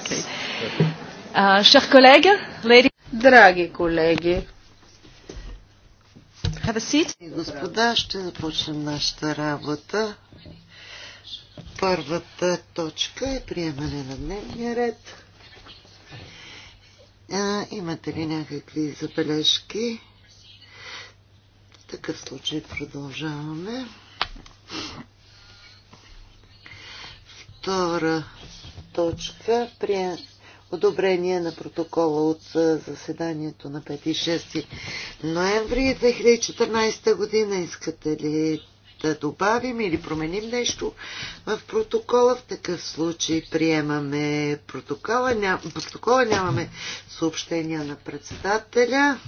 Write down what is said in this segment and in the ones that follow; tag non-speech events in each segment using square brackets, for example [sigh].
Uh, Драги колеги, господа, ще започнем нашата работа. Първата точка е приемане на дневния ред. А, имате ли някакви забележки? В такъв случай продължаваме. Втора точка при одобрение на протокола от заседанието на 5 и 6 ноември 2014 година. Искате ли да добавим или променим нещо в протокола. В такъв случай приемаме протокола. Ням, протокола нямаме съобщения на председателя.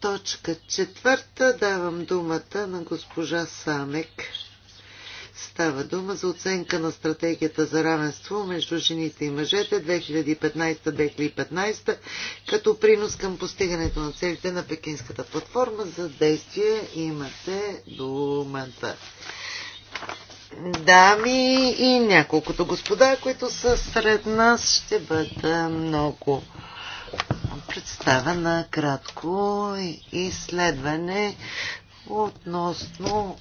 Точка четвърта. Давам думата на госпожа Самек. Става дума за оценка на стратегията за равенство между жените и мъжете 2015-2015 като принос към постигането на целите на Пекинската платформа за действие имате думата. Дами и няколкото господа, които са сред нас, ще бъда много представена на кратко изследване относно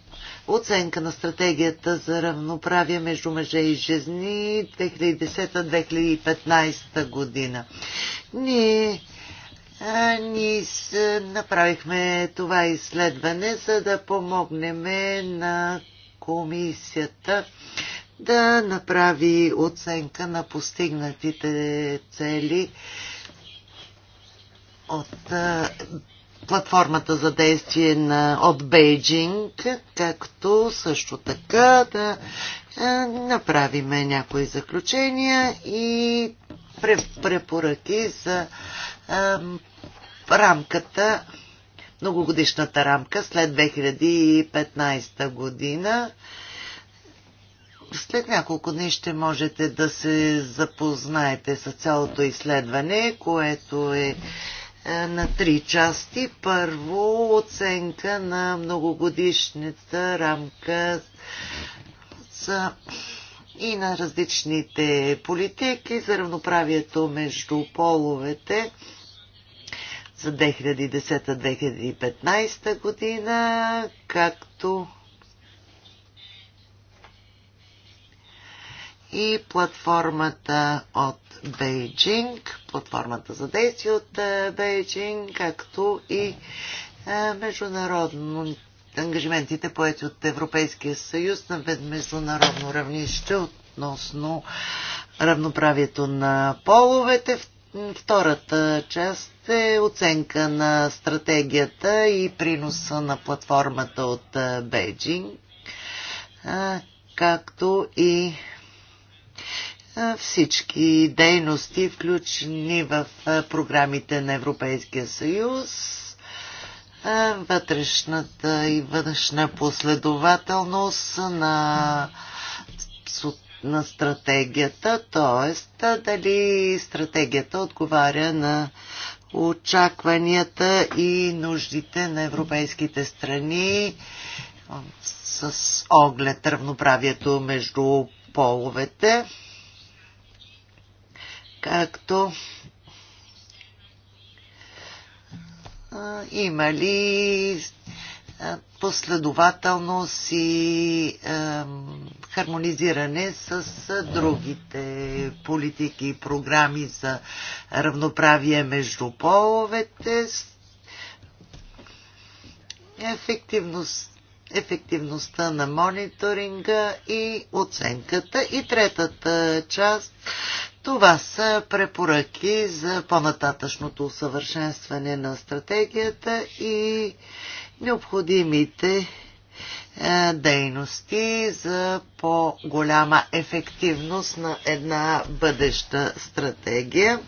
оценка на стратегията за равноправие между мъже и жени 2010-2015 година. Ние ние направихме това изследване, за да помогнем на комисията да направи оценка на постигнатите цели от платформата за действие на, от Бейджинг, както също така да е, направиме някои заключения и препоръки за е, рамката, многогодишната рамка след 2015 година. След няколко дни ще можете да се запознаете с цялото изследване, което е е, на три части. Първо оценка на многогодишната рамка за и на различните политики за равноправието между половете за 2010-2015 година, както и платформата от Бейджинг, платформата за действие от е, Бейджинг, както и е, международно ангажиментите поети от Европейския съюз на международно равнище относно равноправието на половете. Втората част е оценка на стратегията и приноса на платформата от е, Бейджинг, както и всички дейности, включени в програмите на Европейския съюз, вътрешната и външна последователност на, на стратегията, т.е. дали стратегията отговаря на очакванията и нуждите на европейските страни с оглед равноправието между половете както има ли последователност и хармонизиране с другите политики и програми за равноправие между половете, ефективност ефективността на мониторинга и оценката. И третата част това са препоръки за по-нататъчното усъвършенстване на стратегията и необходимите е, дейности за по-голяма ефективност на една бъдеща стратегия.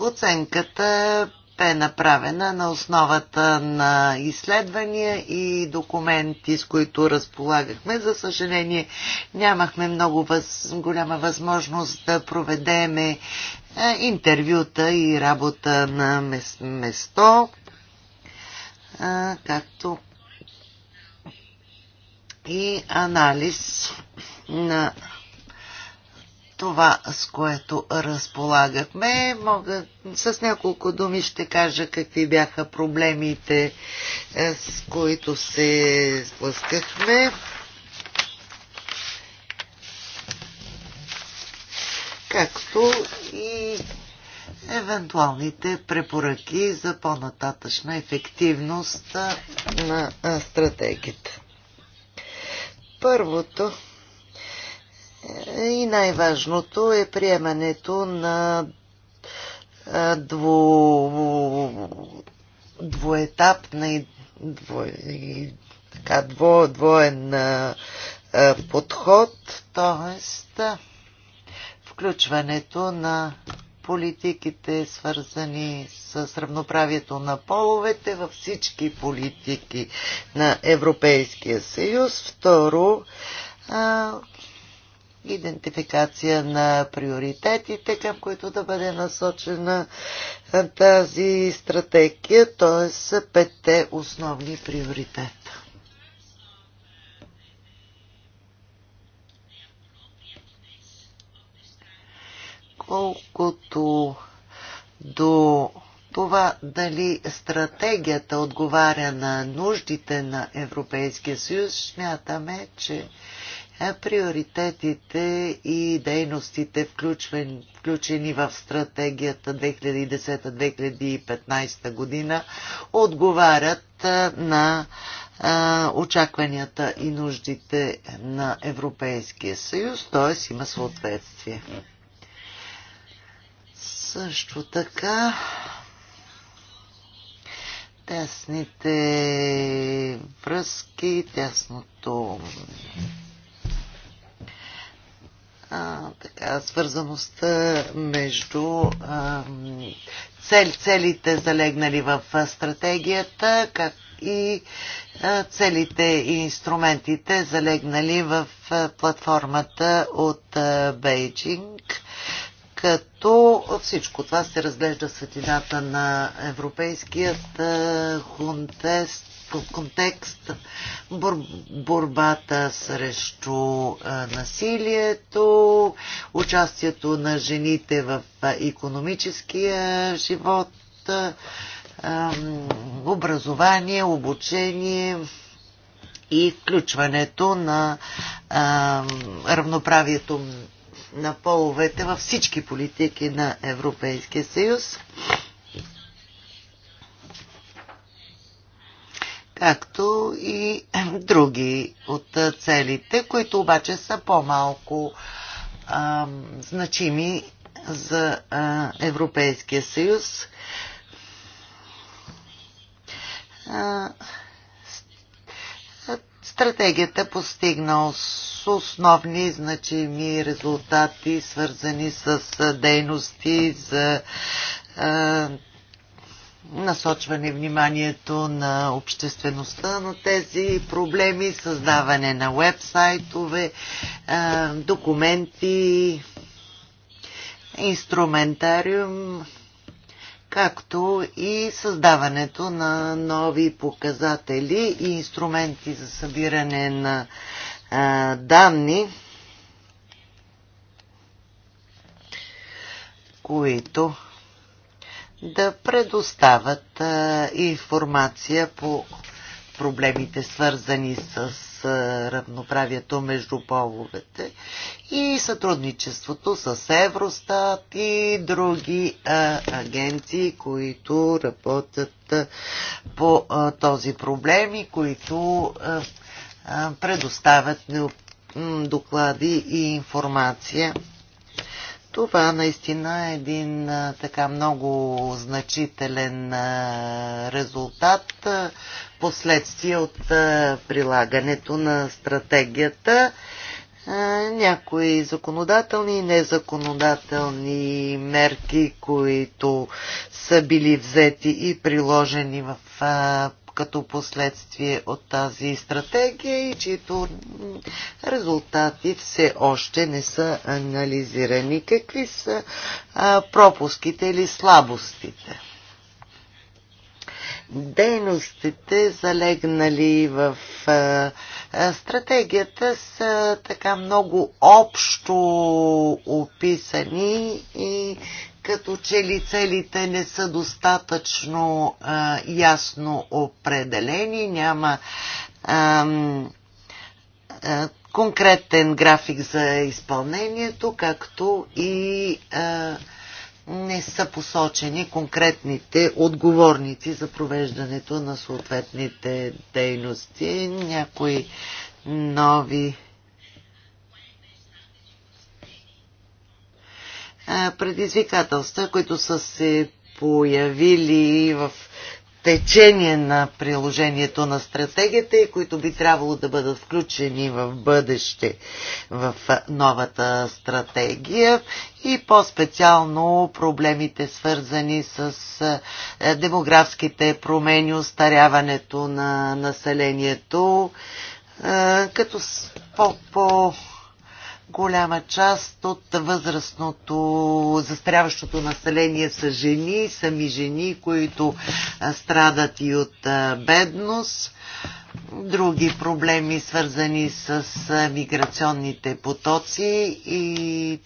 Оценката е направена на основата на изследвания и документи, с които разполагахме. За съжаление, нямахме много въз... голяма възможност да проведеме е, интервюта и работа на мес... место, е, както и анализ на това, с което разполагахме. Мога, с няколко думи ще кажа какви бяха проблемите, е, с които се сблъскахме. Както и евентуалните препоръки за по-нататъчна ефективност на стратегията. Първото и най-важното е приемането на дво, двоетапна и дво, и, така, дво, двоен а, подход, т.е. включването на политиките, свързани с равноправието на половете във всички политики на Европейския съюз. Второ, идентификация на приоритетите, към които да бъде насочена тази стратегия, т.е. петте основни приоритета. Колкото до това дали стратегията отговаря на нуждите на Европейския съюз, смятаме, че приоритетите и дейностите, включвен, включени в стратегията 2010-2015 година, отговарят на очакванията и нуждите на Европейския съюз, т.е. има съответствие. Също така тесните връзки, тясното а, така, свързаността между а, цел, целите залегнали в стратегията как и а, целите и инструментите залегнали в а, платформата от а, Бейджинг като всичко това се разглежда светлината на европейският хунтест контекст бор, борбата срещу а, насилието, участието на жените в а, економическия живот, а, образование, обучение и включването на а, равноправието на половете във всички политики на Европейския съюз. както и [clears throat] други от целите, които обаче са по-малко значими за а, Европейския съюз. А, стратегията постигна основни значими резултати, свързани с дейности за насочване вниманието на обществеността на тези проблеми, създаване на вебсайтове, е, документи, инструментариум, както и създаването на нови показатели и инструменти за събиране на е, данни, които да предоставят информация по проблемите, свързани с равноправието между половете и сътрудничеството с Евростат и други а, агенции, които работят а, по а, този проблем и които а, а, предоставят доклади и информация това наистина е един така много значителен резултат, последствие от прилагането на стратегията. Някои законодателни и незаконодателни мерки, които са били взети и приложени в като последствие от тази стратегия и чието резултати все още не са анализирани. Какви са пропуските или слабостите? Дейностите, залегнали в стратегията, са така много общо описани и като че ли целите не са достатъчно а, ясно определени, няма а, а, конкретен график за изпълнението, както и а, не са посочени конкретните отговорници за провеждането на съответните дейности. Някои нови предизвикателства, които са се появили в течение на приложението на стратегията и които би трябвало да бъдат включени в бъдеще в новата стратегия и по-специално проблемите свързани с е, демографските промени, устаряването на населението, е, като по-по голяма част от възрастното застряващото население са жени, сами жени, които страдат и от бедност. Други проблеми, свързани с миграционните потоци и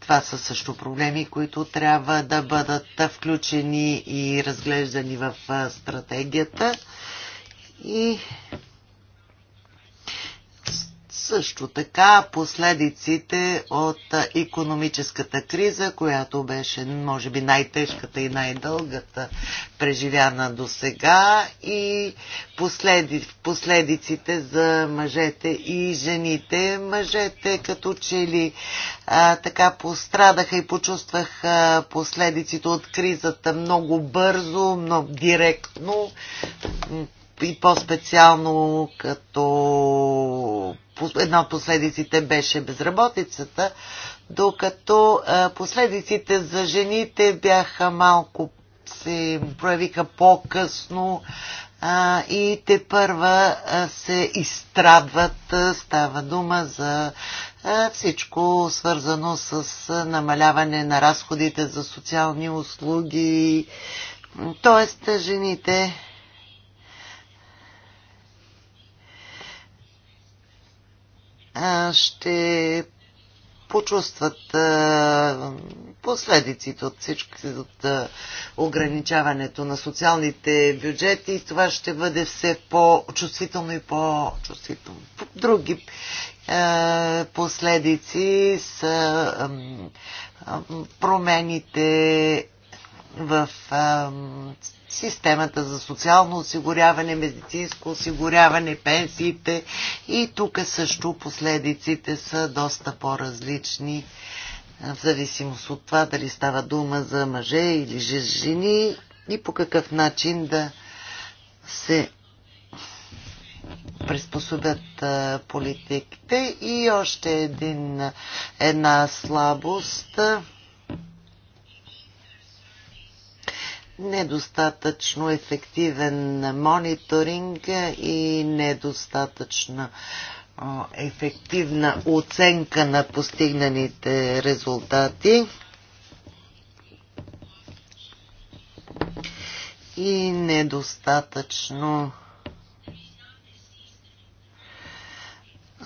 това са също проблеми, които трябва да бъдат включени и разглеждани в стратегията. И също така последиците от економическата криза, която беше, може би, най-тежката и най-дългата преживяна до сега и последи, последиците за мъжете и жените. Мъжете като че ли а, така пострадаха и почувстваха последиците от кризата много бързо, много директно и по-специално като една от последиците беше безработицата, докато последиците за жените бяха малко се проявиха по-късно и те първа се изстрадват. Става дума за всичко свързано с намаляване на разходите за социални услуги. Тоест, жените ще почувстват последиците от всички, от ограничаването на социалните бюджети и това ще бъде все по-чувствително и по-чувствително. Други последици са промените в а, системата за социално осигуряване, медицинско осигуряване, пенсиите и тук също последиците са доста по-различни в зависимост от това дали става дума за мъже или жени и по какъв начин да се приспособят а, политиките и още един, една слабост недостатъчно ефективен мониторинг и недостатъчна ефективна оценка на постигнаните резултати. И недостатъчно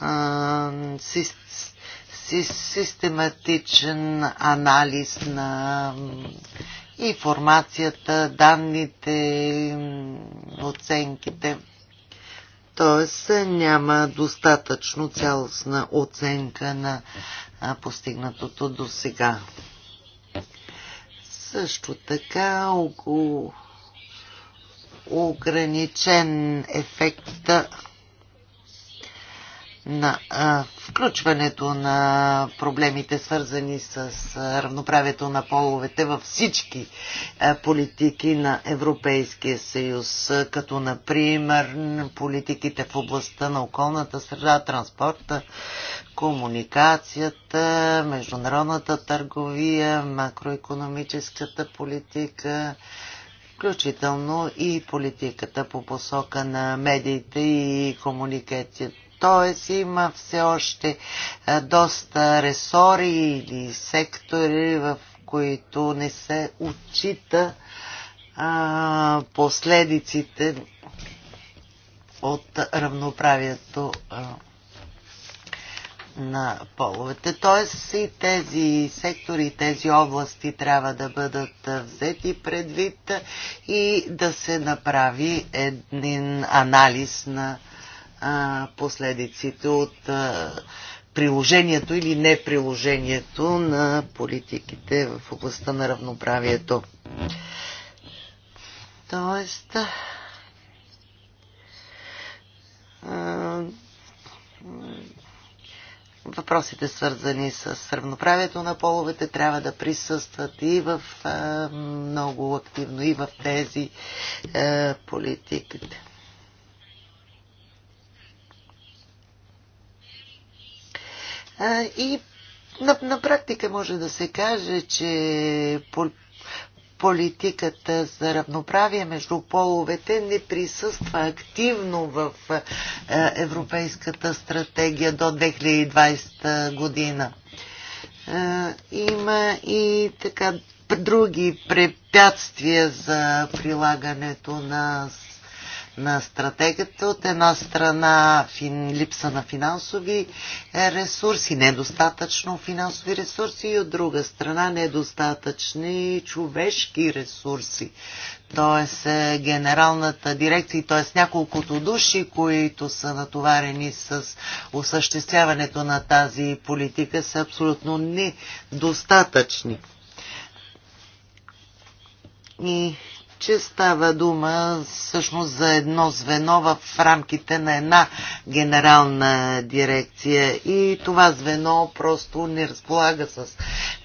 а, си, си, систематичен анализ на информацията, данните, оценките. Тоест няма достатъчно цялостна оценка на постигнатото до сега. Също така около ограничен ефект на а, включването на проблемите, свързани с а, равноправието на половете във всички а, политики на Европейския съюз, а, като например политиките в областта на околната среда, транспорта, комуникацията, международната търговия, макроекономическата политика, включително и политиката по посока на медиите и комуникацията т.е. има все още доста ресори или сектори, в които не се отчита последиците от равноправието на половете. Т.е. и тези сектори, и тези области трябва да бъдат взети предвид и да се направи един анализ на а, последиците от а, приложението или неприложението на политиките в областта на равноправието. Тоест, а, въпросите свързани с равноправието на половете трябва да присъстват и в а, много активно и в тези а, политиките. И на, на практика може да се каже, че политиката за равноправие между половете не присъства активно в Европейската стратегия до 2020 година. Има и така други препятствия за прилагането на на стратегията. От една страна фин, липса на финансови е, ресурси, недостатъчно финансови ресурси и от друга страна недостатъчни човешки ресурси. Тоест е, генералната дирекция, т.е. няколкото души, които са натоварени с осъществяването на тази политика, са абсолютно недостатъчни. И че става дума всъщност за едно звено в рамките на една генерална дирекция и това звено просто не разполага с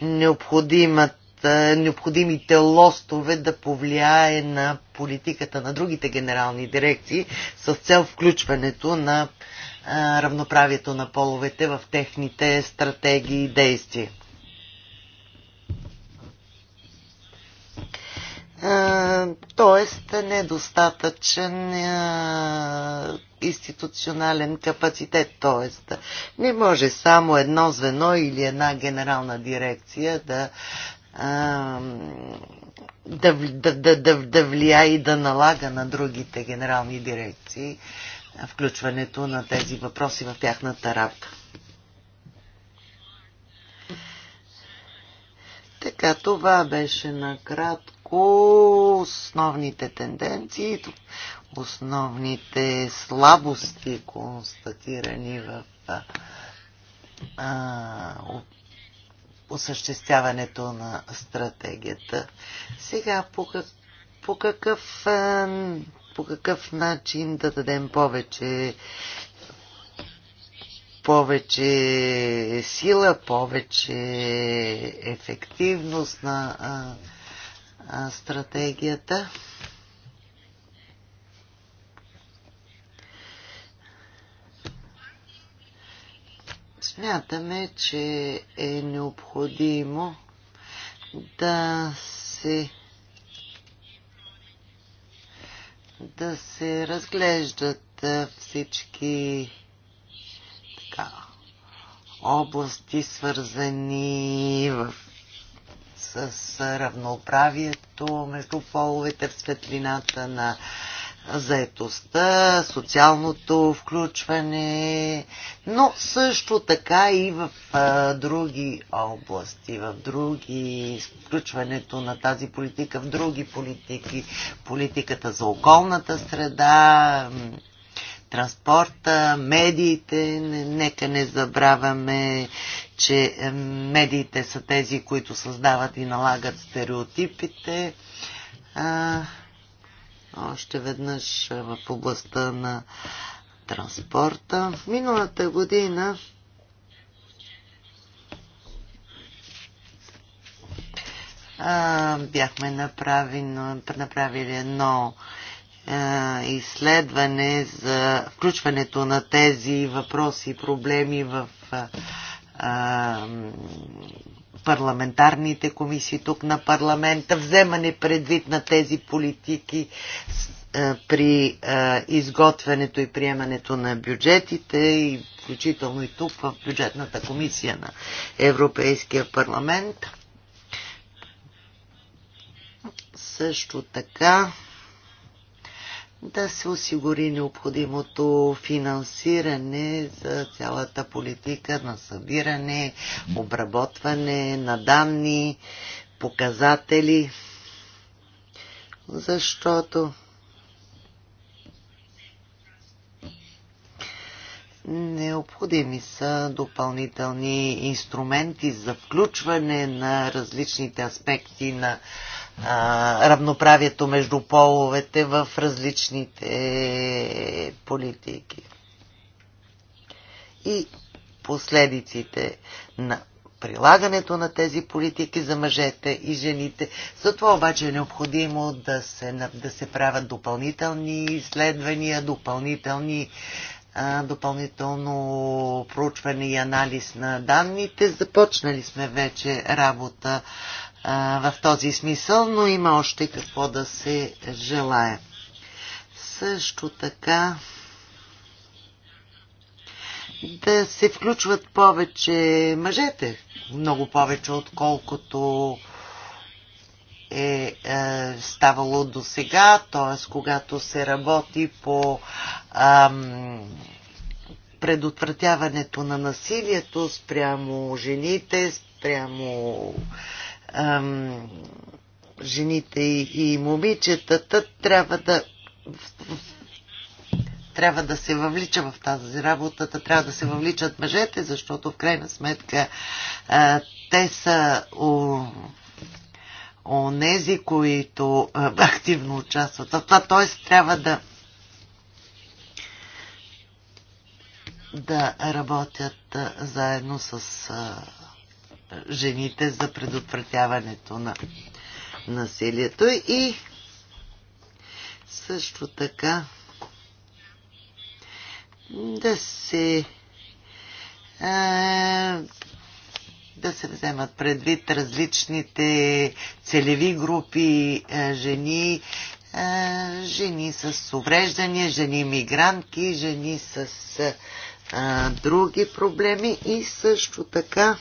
необходимата необходимите лостове да повлияе на политиката на другите генерални дирекции с цел включването на равноправието на половете в техните стратегии и действия. Тоест недостатъчен институционален капацитет. Тоест не може само едно звено или една генерална дирекция да да, да, да, да, да влия и да налага на другите генерални дирекции включването на тези въпроси в тяхната работа. Така, това беше накратко върху основните тенденции, основните слабости, констатирани в а, осъществяването на стратегията. Сега по, как, по, какъв, по какъв начин да дадем повече повече сила, повече ефективност на а, стратегията. Смятаме, че е необходимо да се да се разглеждат всички така, области, свързани в с равноправието между половете в светлината на заетостта, социалното включване, но също така и в а, други области, в други, включването на тази политика в други политики, политиката за околната среда, транспорта, медиите, нека не забравяме че е, медиите са тези, които създават и налагат стереотипите. А, още веднъж е, в областта на транспорта. Миналата година а, бяхме направили, направили едно а, е, изследване за включването на тези въпроси и проблеми в а, а, парламентарните комисии тук на парламента, вземане предвид на тези политики а, при а, изготвянето и приемането на бюджетите и включително и тук в бюджетната комисия на Европейския парламент. Също така да се осигури необходимото финансиране за цялата политика на събиране, обработване на данни, показатели, защото Необходими са допълнителни инструменти за включване на различните аспекти на равноправието между половете в различните политики и последиците на прилагането на тези политики за мъжете и жените. Затова обаче е необходимо да се, да се правят допълнителни изследвания, допълнителни допълнително проучване и анализ на данните. Започнали сме вече работа в този смисъл, но има още какво да се желая. Също така да се включват повече мъжете, много повече отколкото е, е ставало до сега, т.е. когато се работи по ам, предотвратяването на насилието спрямо жените, спрямо ам, жените и, и момичетата трябва да трябва да се въвлича в тази работа, трябва да се въвличат мъжете, защото в крайна сметка а, те са о, нези, които а, активно участват А това. Т.е. трябва да да работят а, заедно с а, жените за предотвратяването на насилието и също така да се а, да се вземат предвид различните целеви групи а, жени, а, жени с увреждания, жени мигрантки, жени с а, други проблеми и също така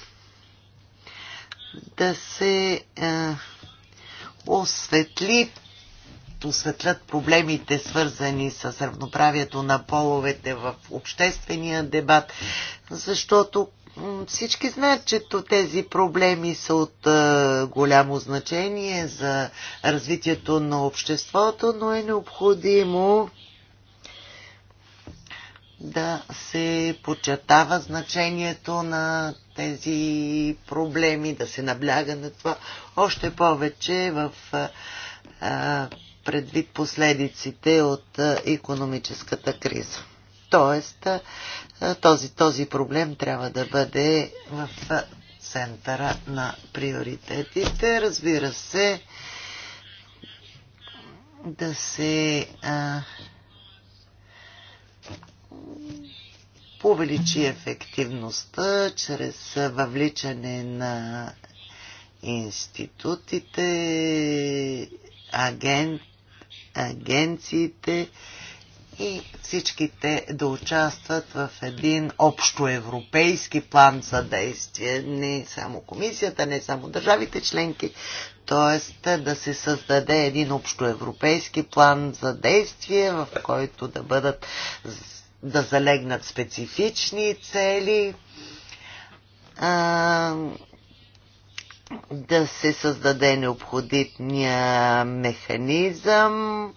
да се е, осветли, осветлят проблемите, свързани с равноправието на половете в обществения дебат, защото всички знаят, че тези проблеми са от а, е, голямо значение за развитието на обществото, но е необходимо да се подчертава значението на тези проблеми, да се набляга на това. Още повече в а, предвид последиците от а, економическата криза. Тоест, а, този, този проблем трябва да бъде в а, центъра на приоритетите. Разбира се, да се а, повеличи ефективността чрез въвличане на институтите, аген, агенциите и всичките да участват в един общоевропейски план за действие. Не само комисията, не само държавите членки, т.е. да се създаде един общоевропейски план за действие, в който да бъдат да залегнат специфични цели, а, да се създаде необходимия механизъм,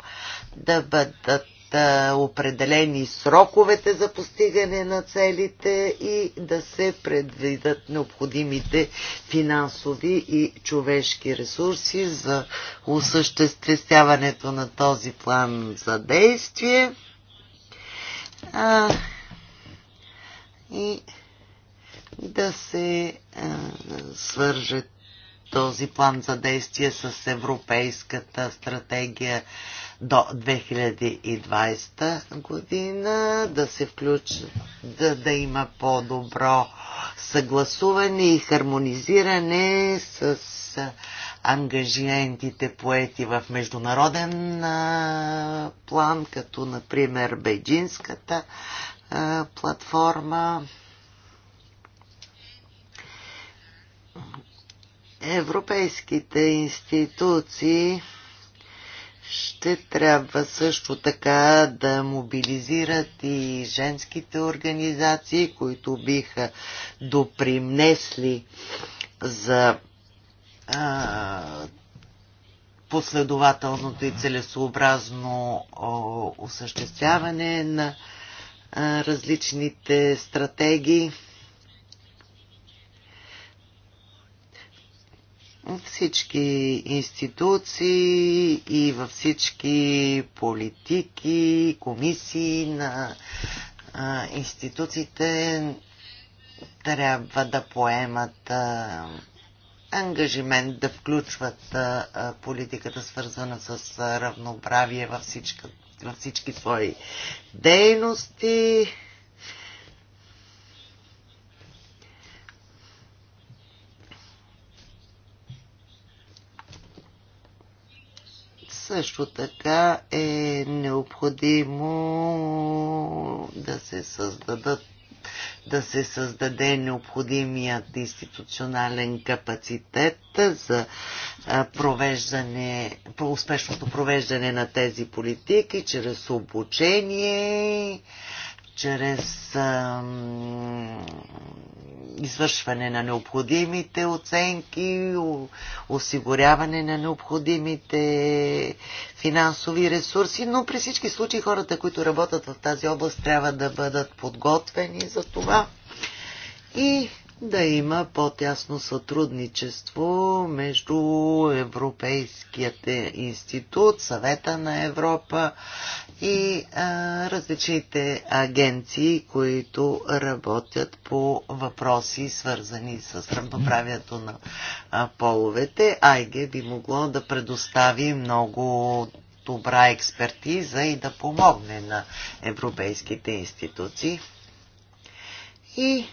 да бъдат а, определени сроковете за постигане на целите и да се предвидат необходимите финансови и човешки ресурси за осъществяването на този план за действие а, и да се а, свърже този план за действие с Европейската стратегия до 2020 година, да се включи, да, да има по-добро съгласуване и хармонизиране с ангажиентите поети в международен а, план, като например Бейджинската а, платформа. Европейските институции ще трябва също така да мобилизират и женските организации, които биха допринесли за а, последователното и целесообразно осъществяване на различните стратегии. всички институции и във всички политики, комисии на а, институциите трябва да поемат а, ангажимент да включват а, политиката свързана с равноправие във, всичка, във всички свои дейности. Също така е необходимо да се създадат да се създаде необходимият институционален капацитет за провеждане, успешното провеждане на тези политики чрез обучение, чрез а, извършване на необходимите оценки, осигуряване на необходимите финансови ресурси, но при всички случаи хората, които работят в тази област, трябва да бъдат подготвени за това. И да има по-тясно сътрудничество между Европейският институт, съвета на Европа и а, различните агенции, които работят по въпроси, свързани с равноправието на а, половете. Айге би могло да предостави много добра експертиза и да помогне на европейските институции. И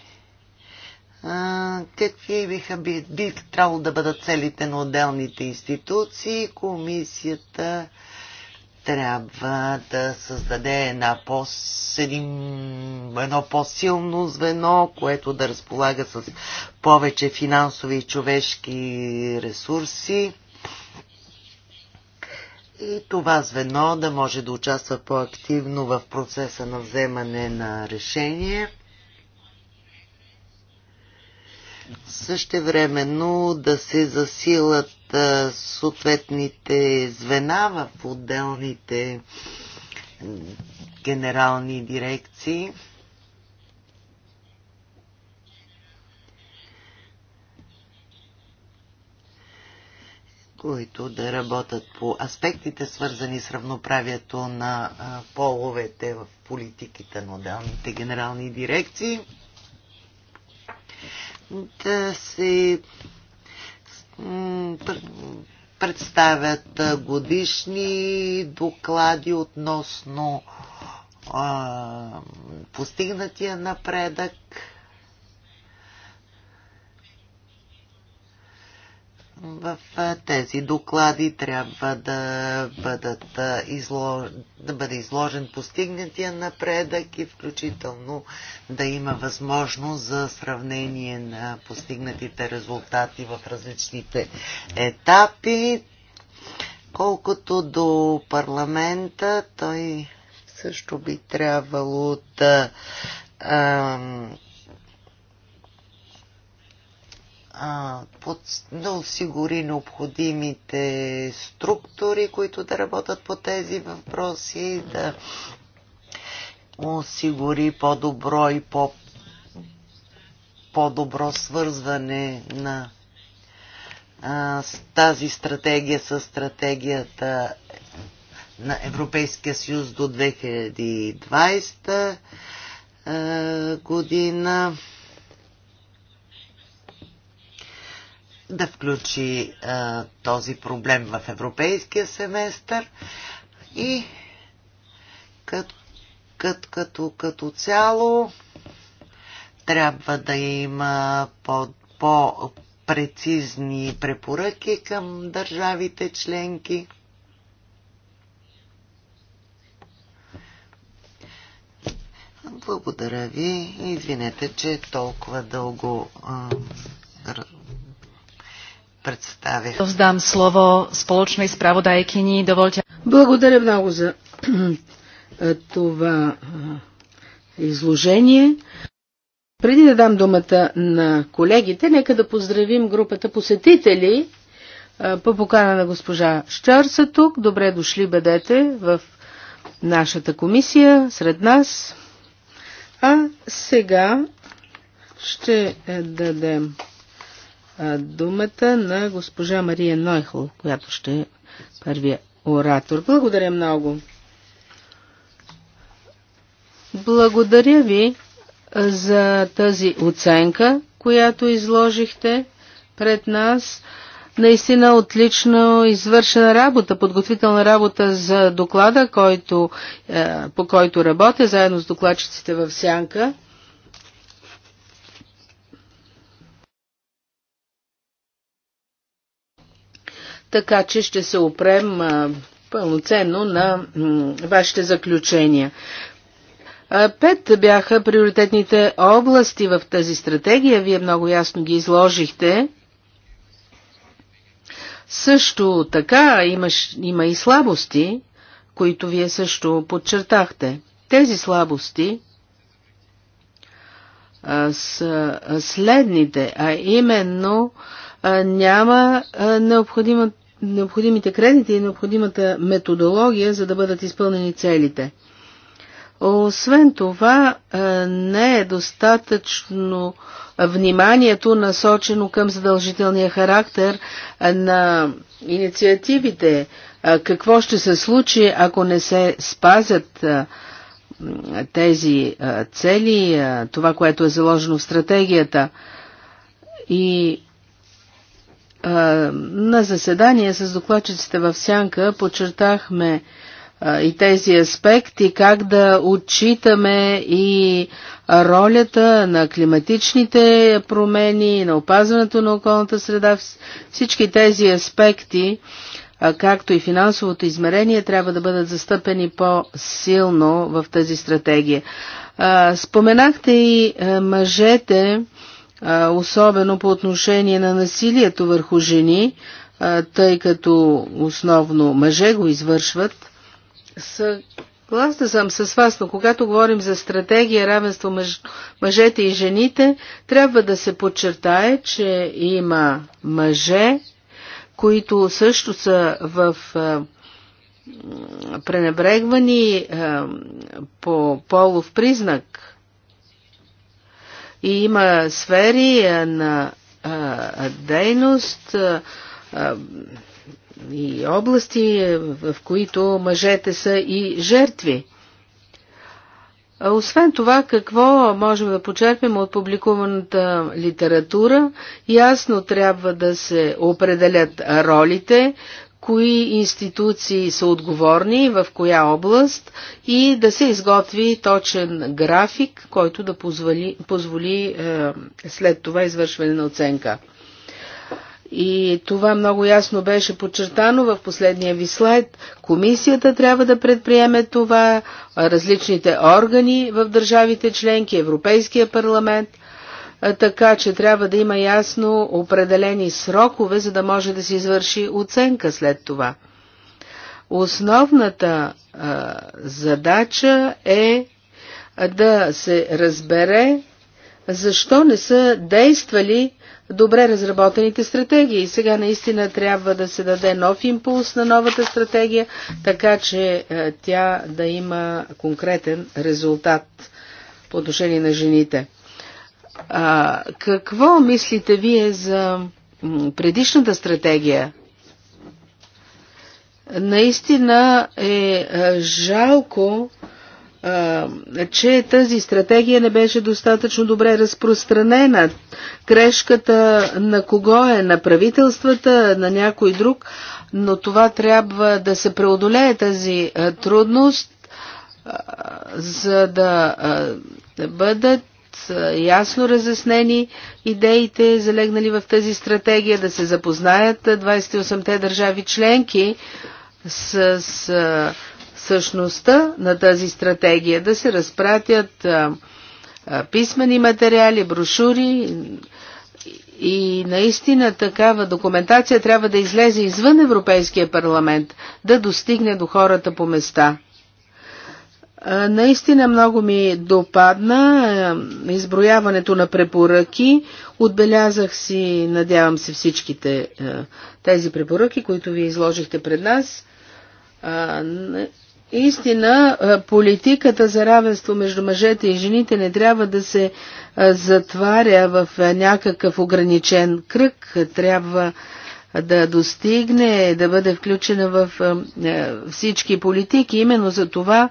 какви биха би, би трябвало да бъдат целите на отделните институции. Комисията трябва да създаде една по един, едно по-силно звено, което да разполага с повече финансови и човешки ресурси. И това звено да може да участва по-активно в процеса на вземане на решение Същевременно да се засилат съответните звена в отделните генерални дирекции. които да работят по аспектите, свързани с равноправието на половете в политиките на отделните генерални дирекции да се представят годишни доклади относно а, постигнатия напредък в тези доклади трябва да, бъдат излож... да бъде изложен постигнатия напредък и включително да има възможност за сравнение на постигнатите резултати в различните етапи. Колкото до парламента, той също би трябвало да ам, а, под, да осигури необходимите структури, които да работят по тези въпроси, да осигури по-добро и по- по-добро свързване на а, с тази стратегия с стратегията на Европейския съюз до 2020 а, година. да включи а, този проблем в европейския семестър и като, като, като, като цяло трябва да има по, по прецизни препоръки към държавите членки. Благодаря ви. Извинете, че толкова дълго а, представя. Вздам слово сполочной справодайкини. Доволте. Благодаря много за е, това е, изложение. Преди да дам думата на колегите, нека да поздравим групата посетители е, по покана на госпожа Щарса тук. Добре дошли бъдете в нашата комисия, сред нас. А сега ще дадем думата на госпожа Мария Нойхл, която ще е първия оратор. Благодаря много. Благодаря ви за тази оценка, която изложихте пред нас. Наистина отлично извършена работа, подготвителна работа за доклада, който, е, по който работя, заедно с докладчиците в Сянка. така че ще се опрем пълноценно на вашите заключения. Пет бяха приоритетните области в тази стратегия. Вие много ясно ги изложихте. Също така има, има и слабости, които вие също подчертахте. Тези слабости са следните, а именно няма необходимата необходимите кредити и необходимата методология, за да бъдат изпълнени целите. Освен това, е, не е достатъчно вниманието насочено към задължителния характер е, на инициативите. Е, какво ще се случи, ако не се спазят тези цели, това, което е заложено в стратегията? И на заседание с докладчиците в Сянка подчертахме и тези аспекти, как да отчитаме и ролята на климатичните промени, на опазването на околната среда, всички тези аспекти, както и финансовото измерение, трябва да бъдат застъпени по-силно в тази стратегия. Споменахте и мъжете, особено по отношение на насилието върху жени, тъй като основно мъже го извършват. Съгласна съм с вас, но когато говорим за стратегия равенство мъж, мъжете и жените, трябва да се подчертае, че има мъже, които също са в пренебрегвани по полов признак и има сфери е, на е, дейност е, и области, в които мъжете са и жертви. Освен това, какво можем да почерпим от публикуваната литература, ясно трябва да се определят ролите, кои институции са отговорни, в коя област и да се изготви точен график, който да позволи, позволи е, след това извършване на оценка. И това много ясно беше подчертано в последния ви слайд. Комисията трябва да предприеме това, различните органи в държавите членки, Европейския парламент – така че трябва да има ясно определени срокове, за да може да се извърши оценка след това. Основната а, задача е да се разбере защо не са действали добре разработените стратегии. И сега наистина трябва да се даде нов импулс на новата стратегия, така че тя да има конкретен резултат по отношение на жените. А, какво мислите вие за предишната стратегия? Наистина е, е жалко, че тази стратегия не беше достатъчно добре разпространена. Крешката на кого е? На правителствата, на някой друг, но това трябва да се преодолее тази трудност, за да бъдат ясно разяснени идеите, залегнали в тази стратегия, да се запознаят 28-те държави членки с, с същността на тази стратегия, да се разпратят писмени материали, брошури и наистина такава документация трябва да излезе извън Европейския парламент, да достигне до хората по места. Наистина много ми допадна изброяването на препоръки. Отбелязах си, надявам се, всичките тези препоръки, които ви изложихте пред нас. Истина, политиката за равенство между мъжете и жените не трябва да се затваря в някакъв ограничен кръг. Трябва да достигне, да бъде включена в е, е, всички политики. Именно за това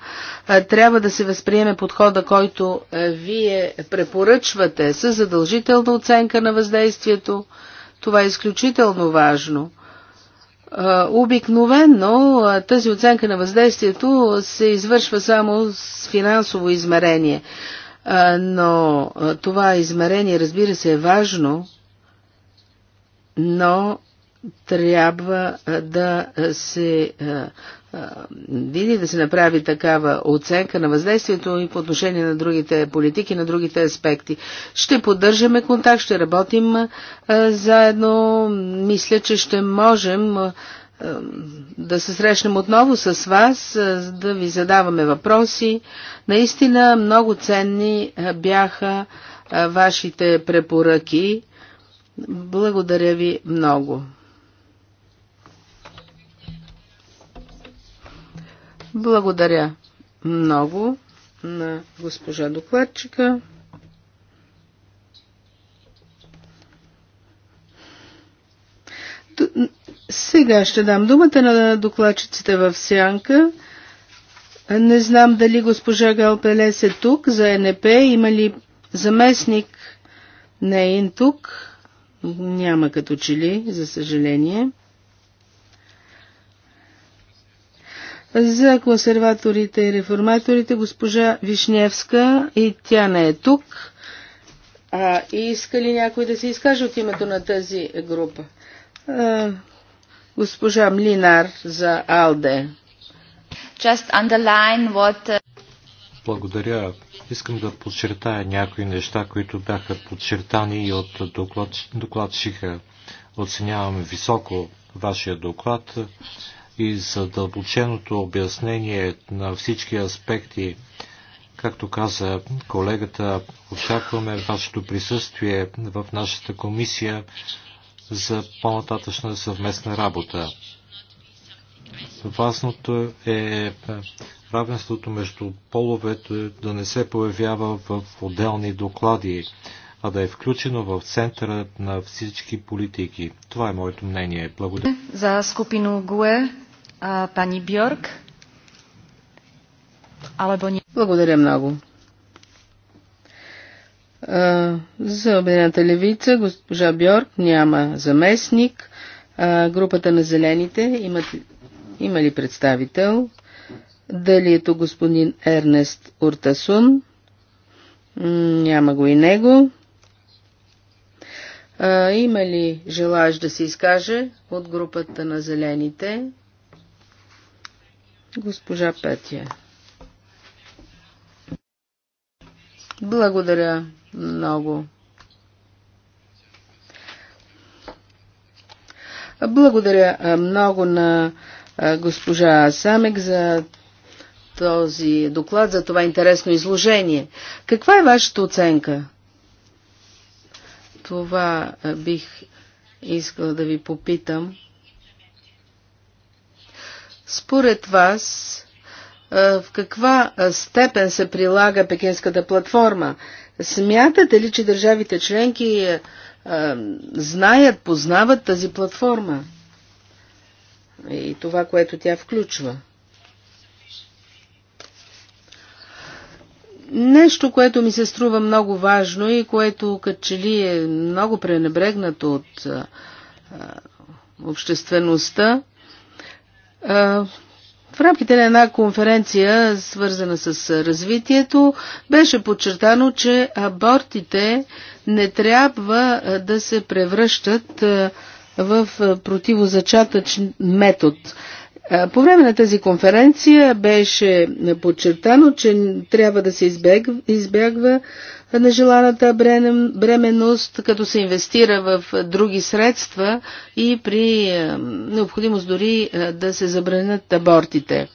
е, трябва да се възприеме подхода, който вие препоръчвате с задължителна оценка на въздействието. Това е изключително важно. Обикновено тази оценка на въздействието се извършва само с финансово измерение. Но това измерение, разбира се, е важно, но трябва да се види, да се направи такава оценка на въздействието и по отношение на другите политики, на другите аспекти. Ще поддържаме контакт, ще работим заедно. Мисля, че ще можем да се срещнем отново с вас, да ви задаваме въпроси. Наистина много ценни бяха вашите препоръки. Благодаря ви много. Благодаря много на госпожа докладчика. Сега ще дам думата на докладчиците в сянка. Не знам дали госпожа Галпелес е тук за НП. Има ли заместник? Не е тук. Няма като че ли, за съжаление. за консерваторите и реформаторите госпожа Вишневска и тя не е тук. А, иска ли някой да се изкаже от името на тази група? А, госпожа Млинар за Алде. Just underline what... Uh, Благодаря. Искам да подчертая някои неща, които бяха подчертани и от доклад, докладчиха. Оценявам високо вашия доклад и задълбоченото обяснение на всички аспекти. Както каза колегата, очакваме вашето присъствие в нашата комисия за по-нататъчна съвместна работа. Важното е равенството между половете да не се появява в отделни доклади, а да е включено в центъра на всички политики. Това е моето мнение. Благодаря. За skupinu Гуе. А, пани Бьорк? Алебо не... Благодаря много. А, за Обедената левица госпожа Бьорк няма заместник. А, групата на зелените имат, има ли представител? Дали е тук господин Ернест Уртасун? Няма го и него. А, има ли желаещ да се изкаже от групата на зелените? Госпожа Петя. Благодаря много. Благодаря много на госпожа Самек за този доклад, за това интересно изложение. Каква е вашата оценка? Това бих искала да ви попитам. Според вас, в каква степен се прилага пекинската платформа? Смятате ли, че държавите членки знаят, познават тази платформа и това, което тя включва? Нещо, което ми се струва много важно и което като че ли е много пренебрегнато от обществеността, в рамките на една конференция, свързана с развитието, беше подчертано, че абортите не трябва да се превръщат в противозачатъчен метод. По време на тази конференция беше подчертано, че трябва да се избягва нежеланата бременност, като се инвестира в други средства и при необходимост дори да се забранят абортите.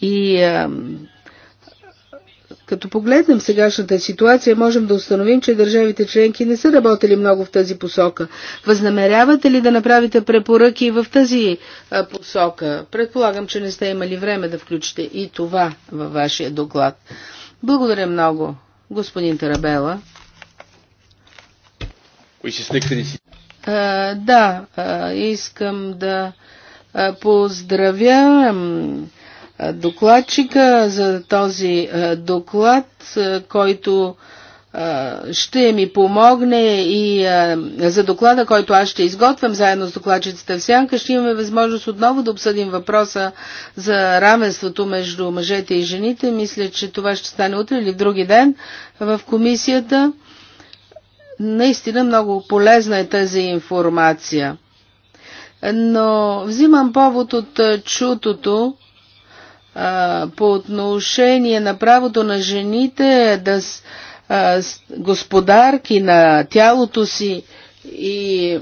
И като погледнем сегашната ситуация, можем да установим, че държавите членки не са работили много в тази посока. Възнамерявате ли да направите препоръки в тази посока? Предполагам, че не сте имали време да включите и това във вашия доклад. Благодаря много, господин Тарабела. Да, искам да поздравя докладчика за този доклад, който ще ми помогне и за доклада, който аз ще изготвям заедно с докладчицата в Сянка, ще имаме възможност отново да обсъдим въпроса за равенството между мъжете и жените. Мисля, че това ще стане утре или в други ден в комисията. Наистина много полезна е тази информация. Но взимам повод от чутото, по отношение на правото на жените да с, а, с господарки на тялото си и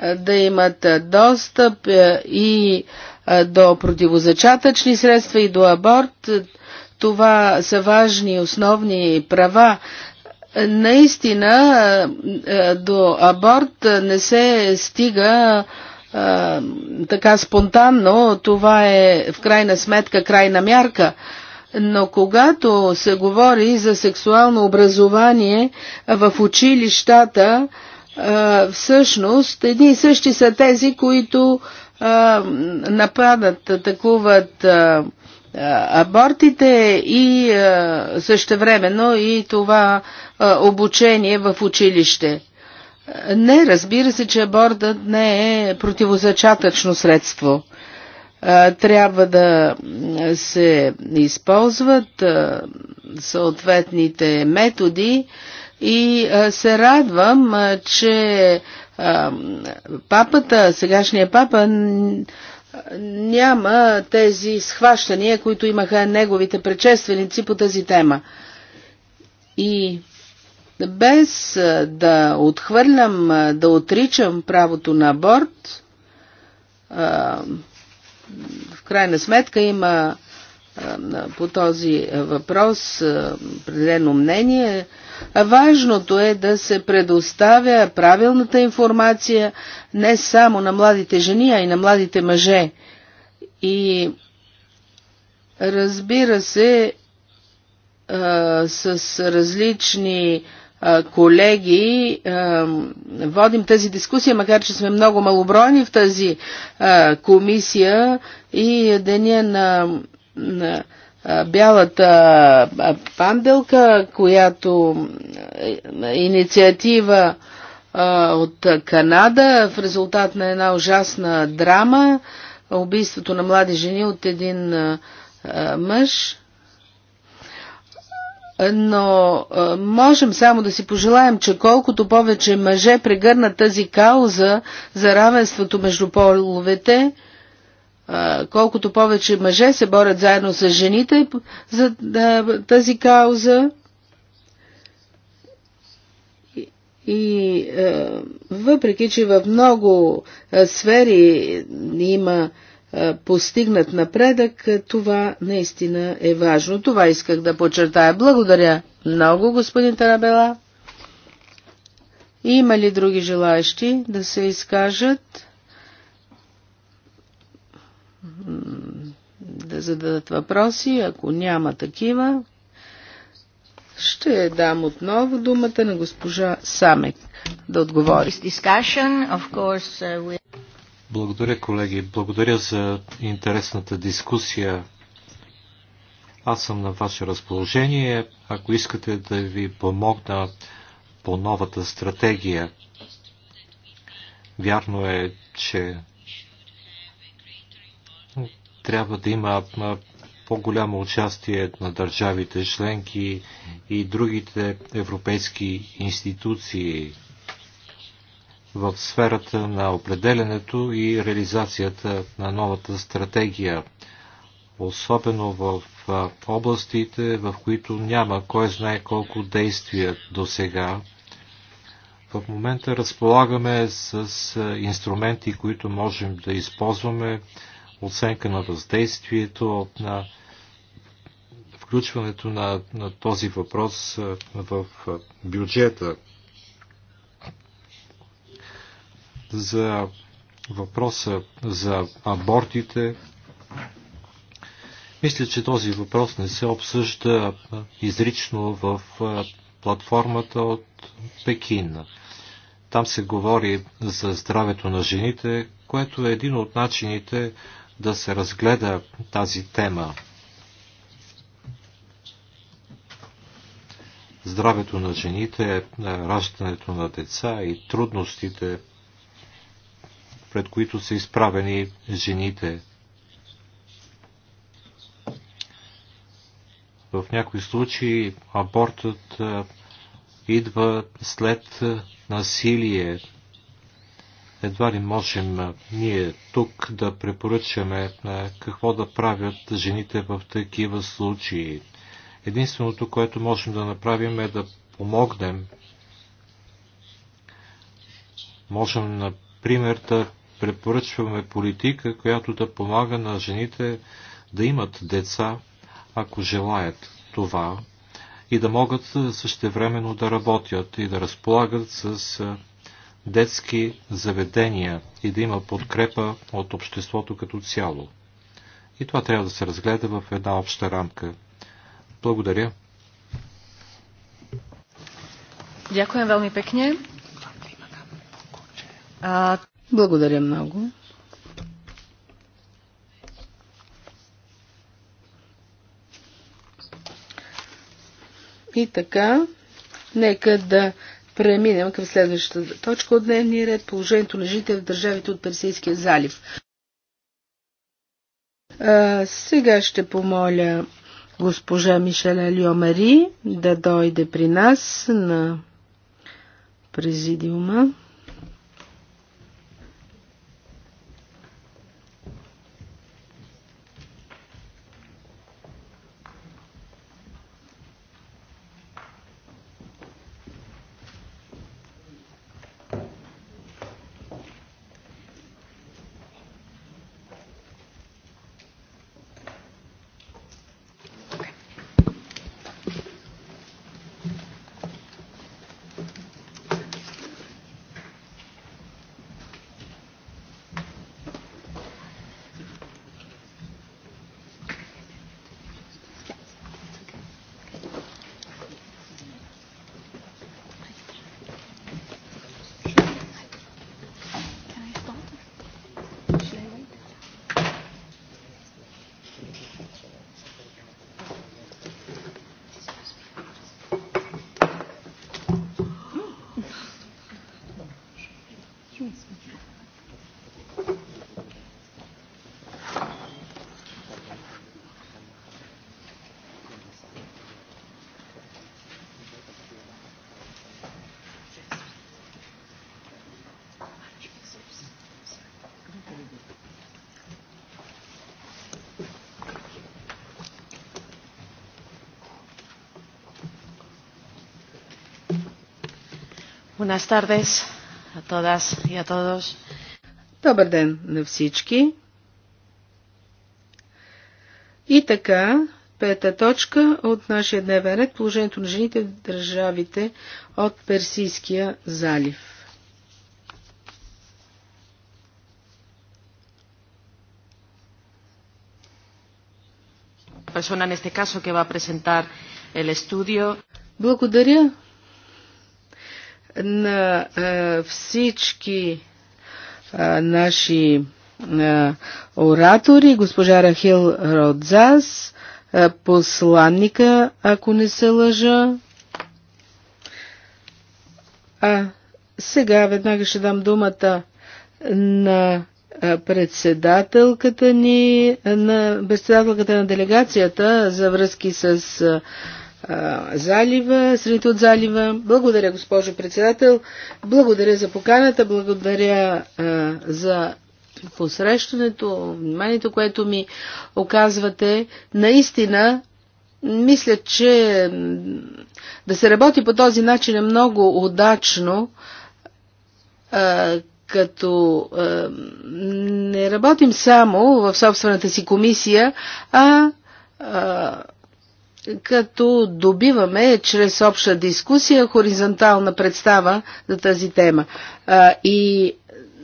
а, да имат достъп а, и а, до противозачатъчни средства и до аборт, това са важни основни права. Наистина а, а, до аборт не се стига а, така спонтанно, това е в крайна сметка крайна мярка. Но когато се говори за сексуално образование в училищата, всъщност едни и същи са тези, които нападат, атакуват абортите и същевременно и това обучение в училище. Не, разбира се, че абортът не е противозачатъчно средство. Трябва да се използват съответните методи и се радвам, че папата, сегашния папа, няма тези схващания, които имаха неговите предшественици по тази тема. И без да отхвърлям, да отричам правото на аборт, в крайна сметка има по този въпрос определено мнение. Важното е да се предоставя правилната информация не само на младите жени, а и на младите мъже. И разбира се, с различни колеги водим тази дискусия, макар че сме много малобройни в тази комисия и деня на, на бялата панделка, която инициатива от Канада в резултат на една ужасна драма, убийството на млади жени от един мъж но е, можем само да си пожелаем, че колкото повече мъже прегърнат тази кауза за равенството между половете, е, колкото повече мъже се борят заедно с жените за е, тази кауза, И е, въпреки, че в много е, сфери има е, постигнат напредък, е, това наистина е важно. Това исках да подчертая. Благодаря много, господин Тарабела. Има ли други желаящи да се изкажат? Да зададат въпроси, ако няма такива. Ще дам отново думата на госпожа Самек да отговори. Благодаря, колеги. Благодаря за интересната дискусия. Аз съм на ваше разположение. Ако искате да ви помогна по новата стратегия, вярно е, че трябва да има по-голямо участие на държавите членки и другите европейски институции в сферата на определенето и реализацията на новата стратегия, особено в областите, в които няма кой знае колко действия до сега. В момента разполагаме с инструменти, които можем да използваме, оценка на въздействието, на включването на, на този въпрос в бюджета за въпроса за абортите. Мисля, че този въпрос не се обсъжда изрично в платформата от Пекин. Там се говори за здравето на жените, което е един от начините да се разгледа тази тема. Здравето на жените, раждането на деца и трудностите пред които са изправени жените. В някои случаи абортът идва след насилие. Едва ли можем ние тук да препоръчаме какво да правят жените в такива случаи. Единственото, което можем да направим е да помогнем. Можем, например, да препоръчваме политика, която да помага на жените да имат деца, ако желаят това, и да могат същевременно да работят и да разполагат с детски заведения и да има подкрепа от обществото като цяло. И това трябва да се разгледа в една обща рамка. Благодаря. Ďakujem veľmi pekne. Благодаря много. И така, нека да преминем към следващата точка от дневния ред положението на жителите в държавите от Персийския залив. А, сега ще помоля госпожа Мишеля Льомари да дойде при нас на президиума. Buenas tardes a todas y a todos. Добър ден на всички. И така, пета точка от нашия дневен ред положението на жените в държавите от Персийския залив. Persona en este caso que va a presentar el estudio. Благодаря на всички наши оратори, госпожа Рахил Родзас, посланника, ако не се лъжа. А сега веднага ще дам думата на председателката ни, на председателката на делегацията за връзки с залива, страните от залива. Благодаря, госпожо председател. Благодаря за поканата, благодаря а, за посрещането, вниманието, което ми оказвате. Наистина, мисля, че да се работи по този начин е много удачно, а, като а, не работим само в собствената си комисия, а като добиваме чрез обща дискусия хоризонтална представа за тази тема. И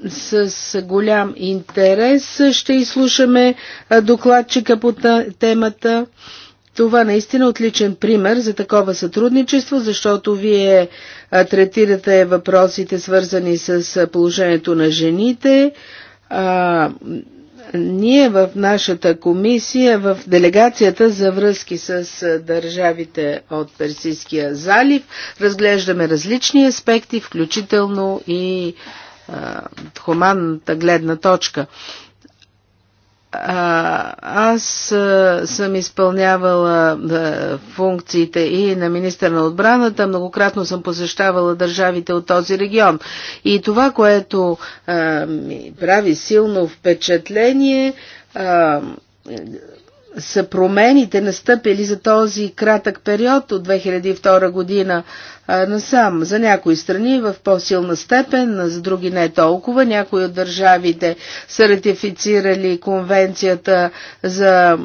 с голям интерес ще изслушаме докладчика по темата. Това наистина е отличен пример за такова сътрудничество, защото вие третирате въпросите свързани с положението на жените, ние в нашата комисия, в делегацията за връзки с държавите от Персийския залив, разглеждаме различни аспекти, включително и а, хуманната гледна точка. А, аз а, съм изпълнявала а, функциите и на министър на отбраната, многократно съм посещавала държавите от този регион. И това, което а, ми прави силно впечатление, а, са промените настъпили за този кратък период от 2002 година а, насам. За някои страни в по-силна степен, за други не толкова. Някои от държавите са ратифицирали конвенцията за,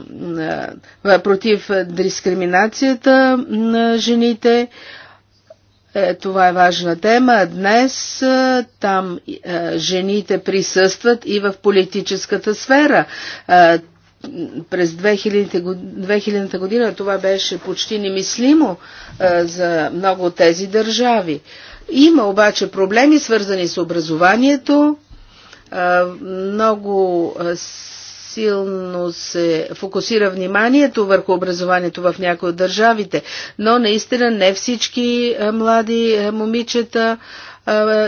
а, против дискриминацията на жените. Е, това е важна тема. Днес а, там а, жените присъстват и в политическата сфера през 2000-та година това беше почти немислимо е, за много от тези държави. Има обаче проблеми, свързани с образованието. Е, много е, силно се фокусира вниманието върху образованието в някои от държавите, но наистина не всички млади момичета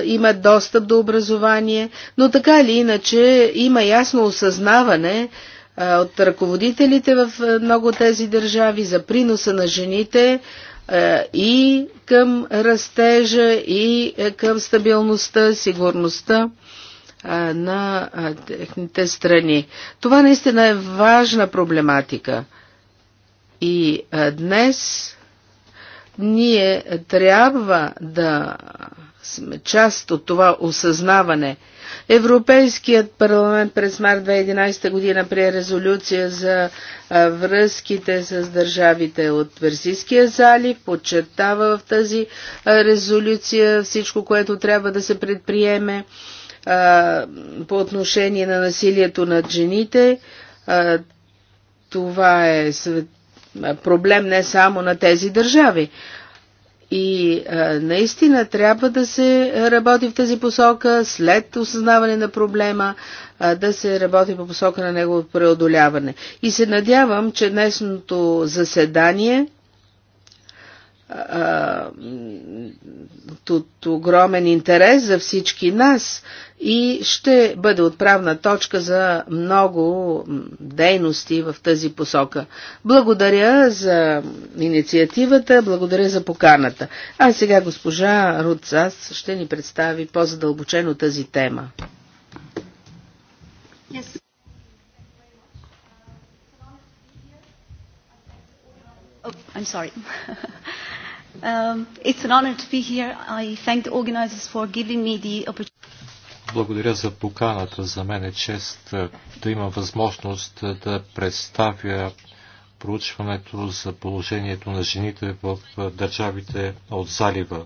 имат достъп до образование, но така или иначе има ясно осъзнаване, е, от ръководителите в е, много тези държави за приноса на жените е, и към растежа, и към стабилността, сигурността на техните страни. Това наистина е важна проблематика. И днес ние трябва да сме част от това осъзнаване. Европейският парламент през март 2011 година прие резолюция за връзките с държавите от Персийския залив, подчертава в тази резолюция всичко, което трябва да се предприеме по отношение на насилието над жените. Това е проблем не само на тези държави. И а, наистина трябва да се работи в тази посока, след осъзнаване на проблема, а, да се работи по посока на неговото преодоляване. И се надявам, че днесното заседание от огромен интерес за всички нас и ще бъде отправна точка за много дейности в тази посока. Благодаря за инициативата, благодаря за поканата. А сега госпожа Руцас ще ни представи по-задълбочено тази тема. Yes. Oh, I'm sorry. [laughs] Um, it's an honor to be here. I thank the organizers for giving me the opportunity. Благодаря за поканата. За мен е чест е, да имам възможност е, да представя проучването за положението на жените в е, държавите от залива.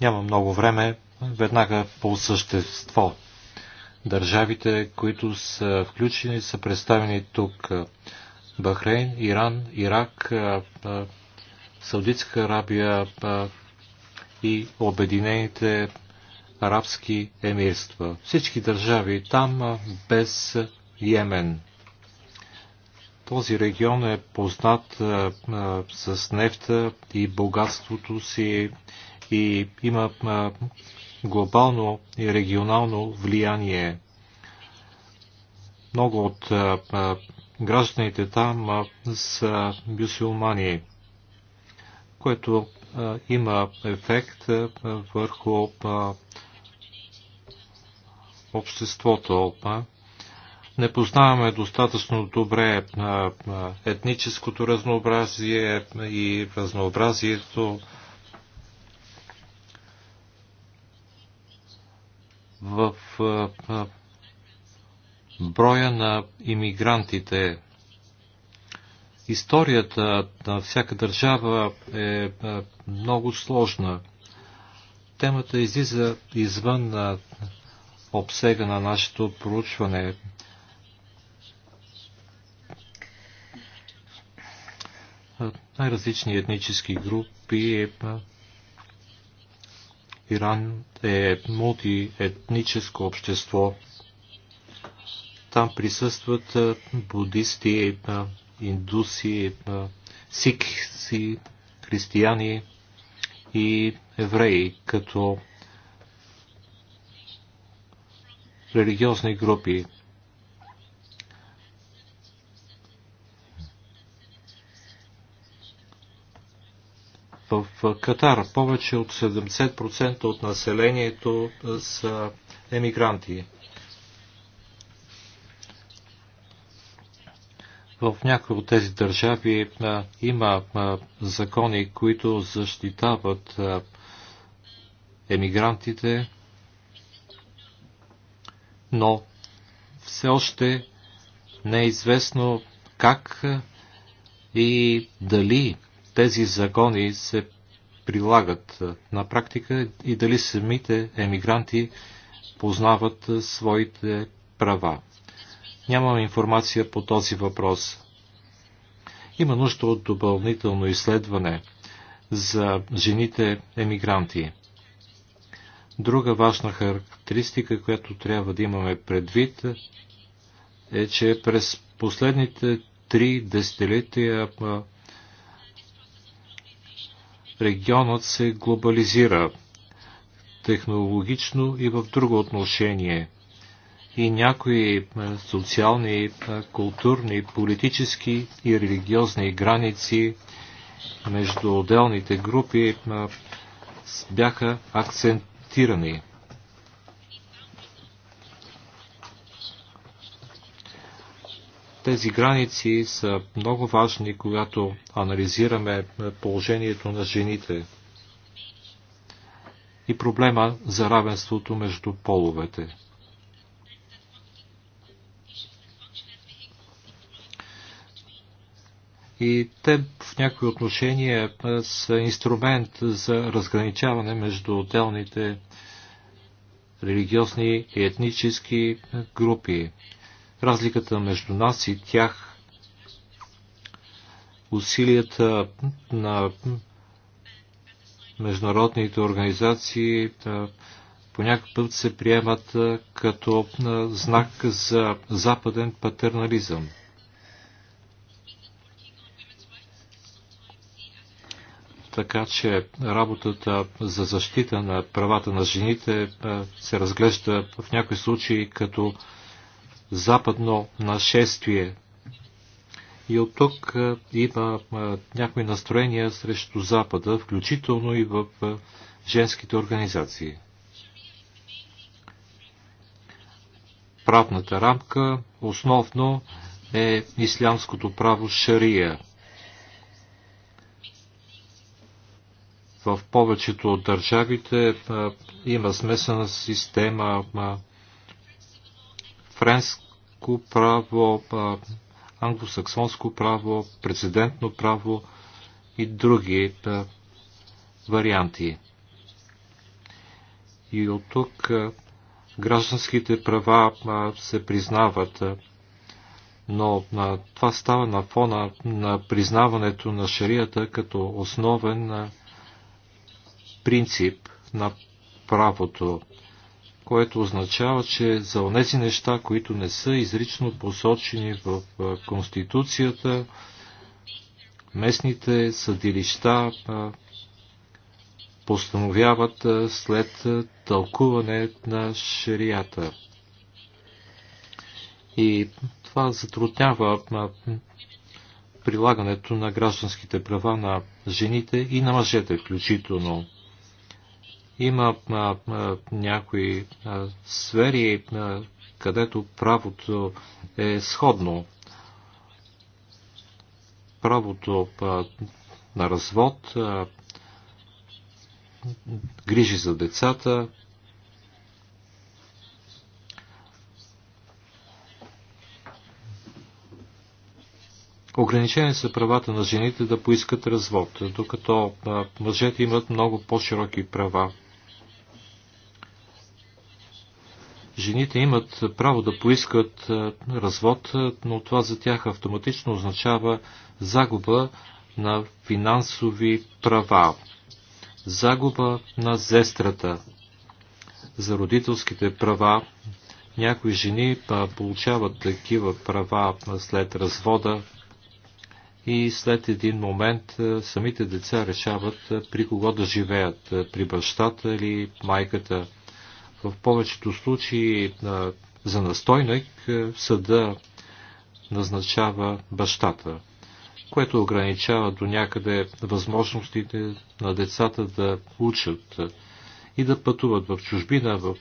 Няма много време, веднага по същество. Държавите, които са включени, са представени тук. Бахрейн, Иран, Ирак, Саудитска Арабия и Обединените арабски емирства. Всички държави там без Йемен. Този регион е познат а, с нефта и богатството си и има а, глобално и регионално влияние. Много от а, гражданите там са мюсюлмани което има ефект върху обществото. Не познаваме достатъчно добре етническото разнообразие и разнообразието в броя на иммигрантите Историята на всяка държава е, е много сложна. Темата излиза извън обсега на нашето проучване. Най-различни етнически групи. Е, Иран е мултиетническо общество. Там присъстват буддисти, индуси, сикси, християни и евреи като религиозни групи. В Катар повече от 70% от населението са емигранти. В някои от тези държави е, има закони, които защитават емигрантите, но все още не е известно как и дали тези закони се прилагат на практика и дали самите емигранти познават своите права. Нямам информация по този въпрос. Има нужда от допълнително изследване за жените емигранти. Друга важна характеристика, която трябва да имаме предвид, е, че през последните три десетилетия регионът се глобализира технологично и в друго отношение – и някои е, социални, е, културни, политически и религиозни граници между отделните групи е, бяха акцентирани. Тези граници са много важни, когато анализираме положението на жените и проблема за равенството между половете. и те в някои отношения е, са инструмент за разграничаване между отделните религиозни и етнически групи. Разликата между нас и тях, усилията на международните организации е, по някакъв път се приемат е, като знак за западен патернализъм. така че работата за защита на правата на жените е, се разглежда в някои случаи като западно нашествие. И от тук е, има е, някои настроения срещу Запада, включително и в женските организации. Правната рамка основно е ислямското право Шария – в повечето от държавите има смесена система френско право, англосаксонско право, прецедентно право и други варианти. И от тук гражданските права се признават, но това става на фона на признаването на шарията като основен принцип на правото, което означава, че за онези неща, които не са изрично посочени в Конституцията, местните съдилища постановяват след тълкуване на шарията. И това затруднява прилагането на гражданските права на жените и на мъжете включително. Има а, а, някои а, сфери, а, където правото е сходно. Правото а, на развод, а, грижи за децата, Ограничени са правата на жените да поискат развод, докато мъжете имат много по-широки права. Жените имат право да поискат развод, но това за тях автоматично означава загуба на финансови права, загуба на зестрата. За родителските права някои жени получават такива права след развода и след един момент самите деца решават при кого да живеят, при бащата или майката. В повечето случаи за настойник съда назначава бащата, което ограничава до някъде възможностите на децата да учат и да пътуват в чужбина, в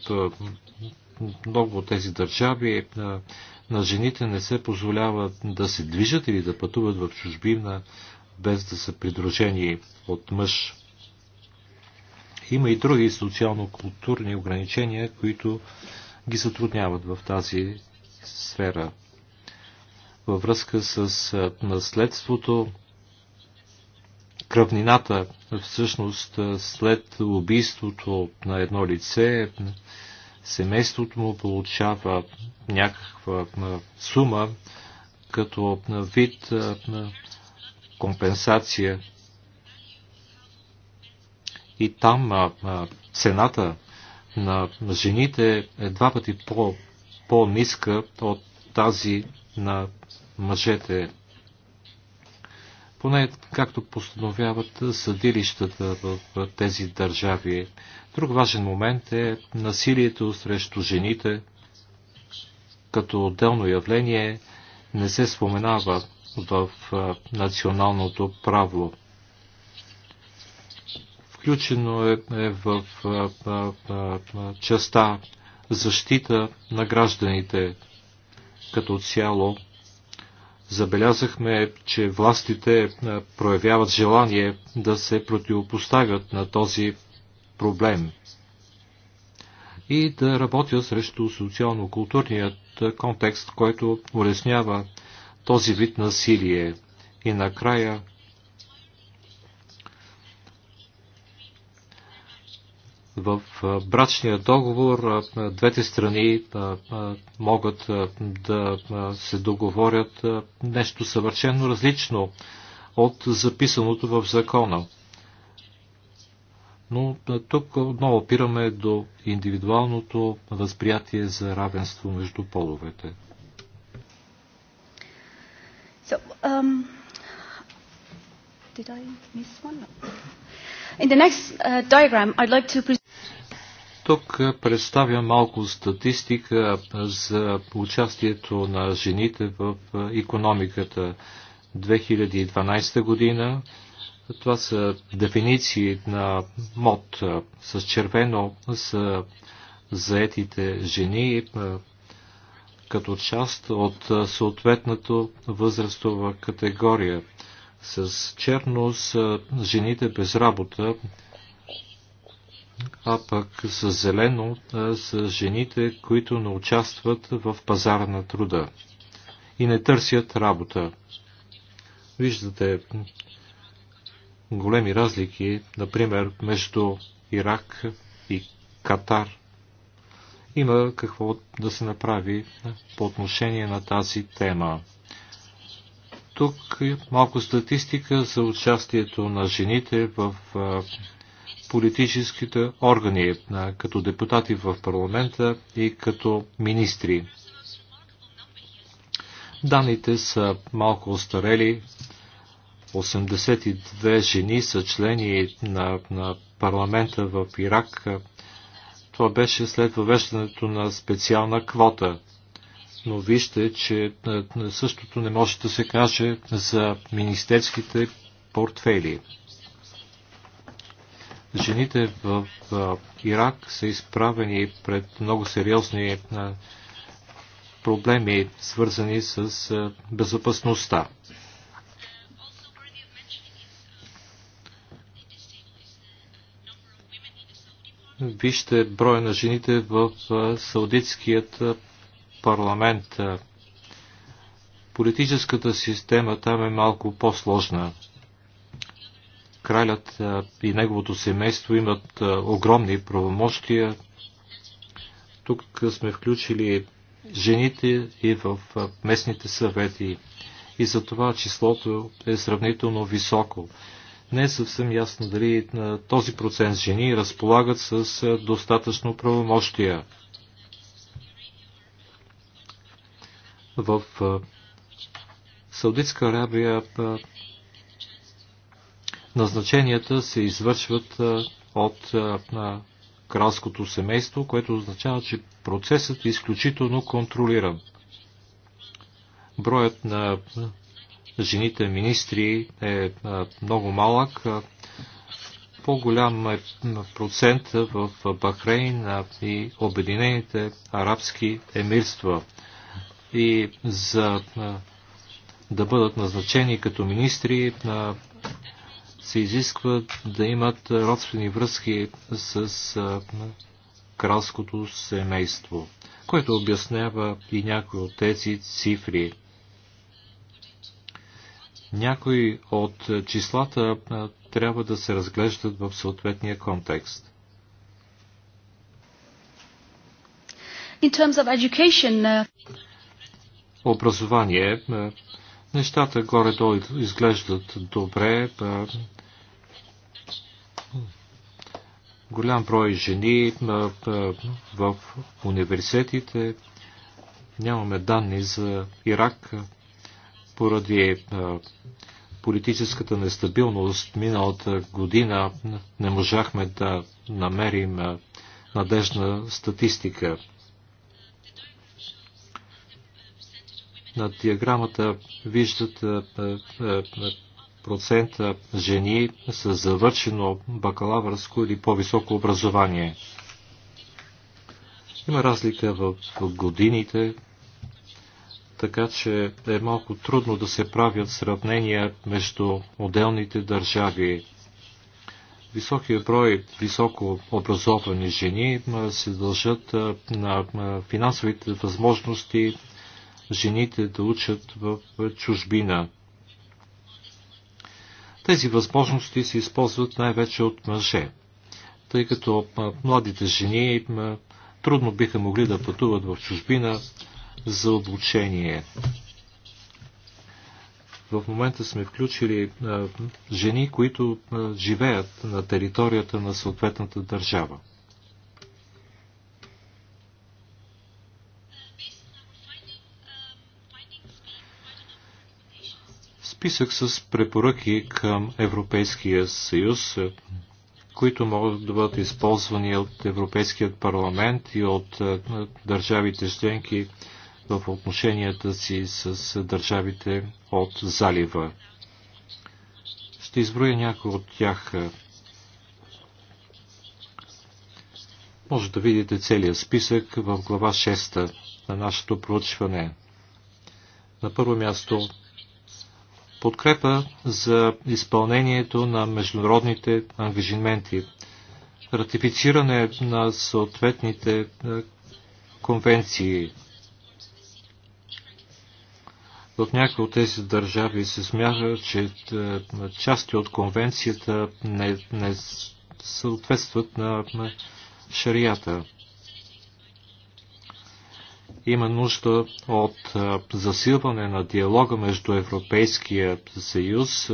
много от тези държави на, на жените не се позволява да се движат или да пътуват в чужбина без да са придружени от мъж. Има и други социално-културни ограничения, които ги затрудняват в тази сфера. Във връзка с наследството, кръвнината, всъщност след убийството на едно лице, семейството му получава някаква сума като вид компенсация и там а, а, цената на жените е два пъти по, по-ниска от тази на мъжете. Поне както постановяват съдилищата в тези държави. Друг важен момент е насилието срещу жените като отделно явление не се споменава в националното право включено е, е в а, а, а, частта защита на гражданите като цяло. Забелязахме, че властите проявяват желание да се противопоставят на този проблем и да работят срещу социално-културният контекст, който улеснява този вид насилие. И накрая в брачния договор двете страни могат да се договорят нещо съвършено различно от записаното в закона. Но тук отново опираме до индивидуалното възприятие за равенство между половете. So, um, did I miss one? In the next uh, diagram, I'd like to тук представя малко статистика за участието на жените в економиката 2012 година. Това са дефиниции на МОД с червено са заетите жени като част от съответната възрастова категория. С черно са жените без работа а пък за зелено за жените, които не участват в пазара на труда и не търсят работа. Виждате големи разлики, например, между Ирак и Катар. Има какво да се направи по отношение на тази тема. Тук е малко статистика за участието на жените в политическите органи, като депутати в парламента и като министри. Даните са малко остарели. 82 жени са члени на, на парламента в Ирак. Това беше след въвеждането на специална квота. Но вижте, че същото не може да се каже за министерските портфели. Жените в Ирак са изправени пред много сериозни проблеми, свързани с безопасността. Вижте броя на жените в Саудитският парламент. Политическата система там е малко по-сложна кралят и неговото семейство имат огромни правомощия. Тук сме включили жените и в местните съвети. И за това числото е сравнително високо. Не е съвсем ясно дали на този процент жени разполагат с достатъчно правомощия. В Саудитска Арабия назначенията се извършват от кралското семейство, което означава, че процесът е изключително контролиран. Броят на жените министри е много малък. По-голям е процент в Бахрейн и Обединените арабски емирства. И за да бъдат назначени като министри, се изисква да имат родствени връзки с кралското семейство, което обяснява и някои от тези цифри. Някои от числата трябва да се разглеждат в съответния контекст. In terms of education, uh, Образование Нещата горе-долу изглеждат добре. Голям брой жени в университетите. Нямаме данни за Ирак поради политическата нестабилност миналата година не можахме да намерим надежна статистика на диаграмата виждат е, е, е, процента жени с завършено бакалавърско или по-високо образование. Има разлика в годините, така че е малко трудно да се правят сравнения между отделните държави. Високия брой високо образовани жени се дължат на финансовите възможности жените да учат в чужбина. Тези възможности се използват най-вече от мъже, тъй като младите жени трудно биха могли да пътуват в чужбина за обучение. В момента сме включили жени, които живеят на територията на съответната държава. списък с препоръки към Европейския съюз, които могат да бъдат използвани от Европейският парламент и от е, държавите членки в отношенията си с държавите от залива. Ще изброя някои от тях. Може да видите целият списък в глава 6 на нашето проучване. На първо място подкрепа за изпълнението на международните ангажименти, ратифициране на съответните е, конвенции. В някои от тези държави се смята, че е, части от конвенцията не, не съответстват на е, шарията има нужда от засилване на диалога между Европейския съюз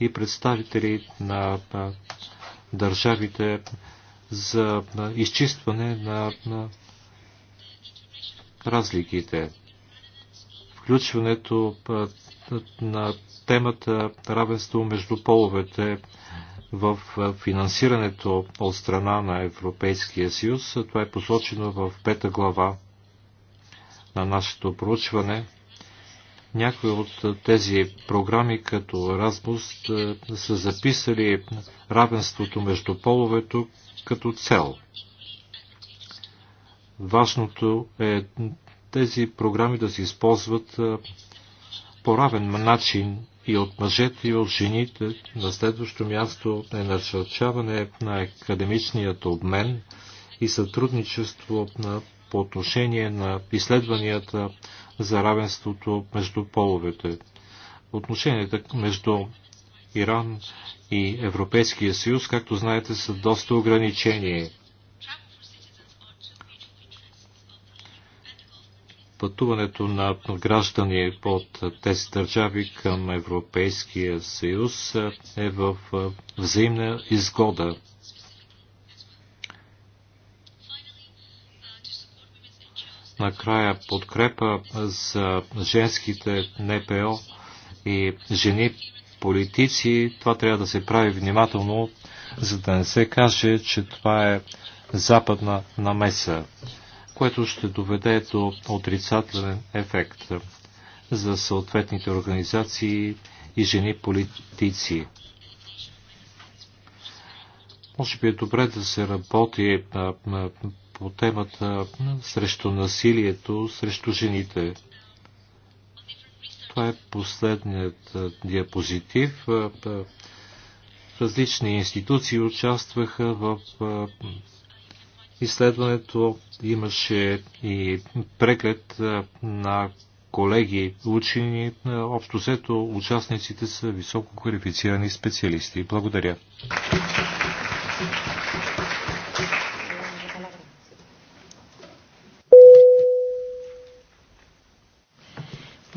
и представители на държавите за изчистване на разликите. Включването на темата равенство между половете в финансирането от страна на Европейския съюз. Това е посочено в пета глава на нашето проучване, някои от тези програми като Erasmus е, са записали равенството между половето като цел. Важното е тези програми да се използват е, по равен начин и от мъжете, и от жените. На следващо място е насърчаване на академичният обмен и сътрудничество на по отношение на изследванията за равенството между половете. Отношенията между Иран и Европейския съюз, както знаете, са доста ограничени. Пътуването на граждани от тези държави към Европейския съюз е в взаимна изгода. накрая подкрепа за женските НПО и жени политици. Това трябва да се прави внимателно, за да не се каже, че това е западна намеса, което ще доведе до отрицателен ефект за съответните организации и жени политици. Може би е добре да се работи по темата срещу насилието срещу жените. Това е последният диапозитив. Различни институции участваха в изследването. Имаше и преглед на колеги учени. Общо сето участниците са високо квалифицирани специалисти. Благодаря.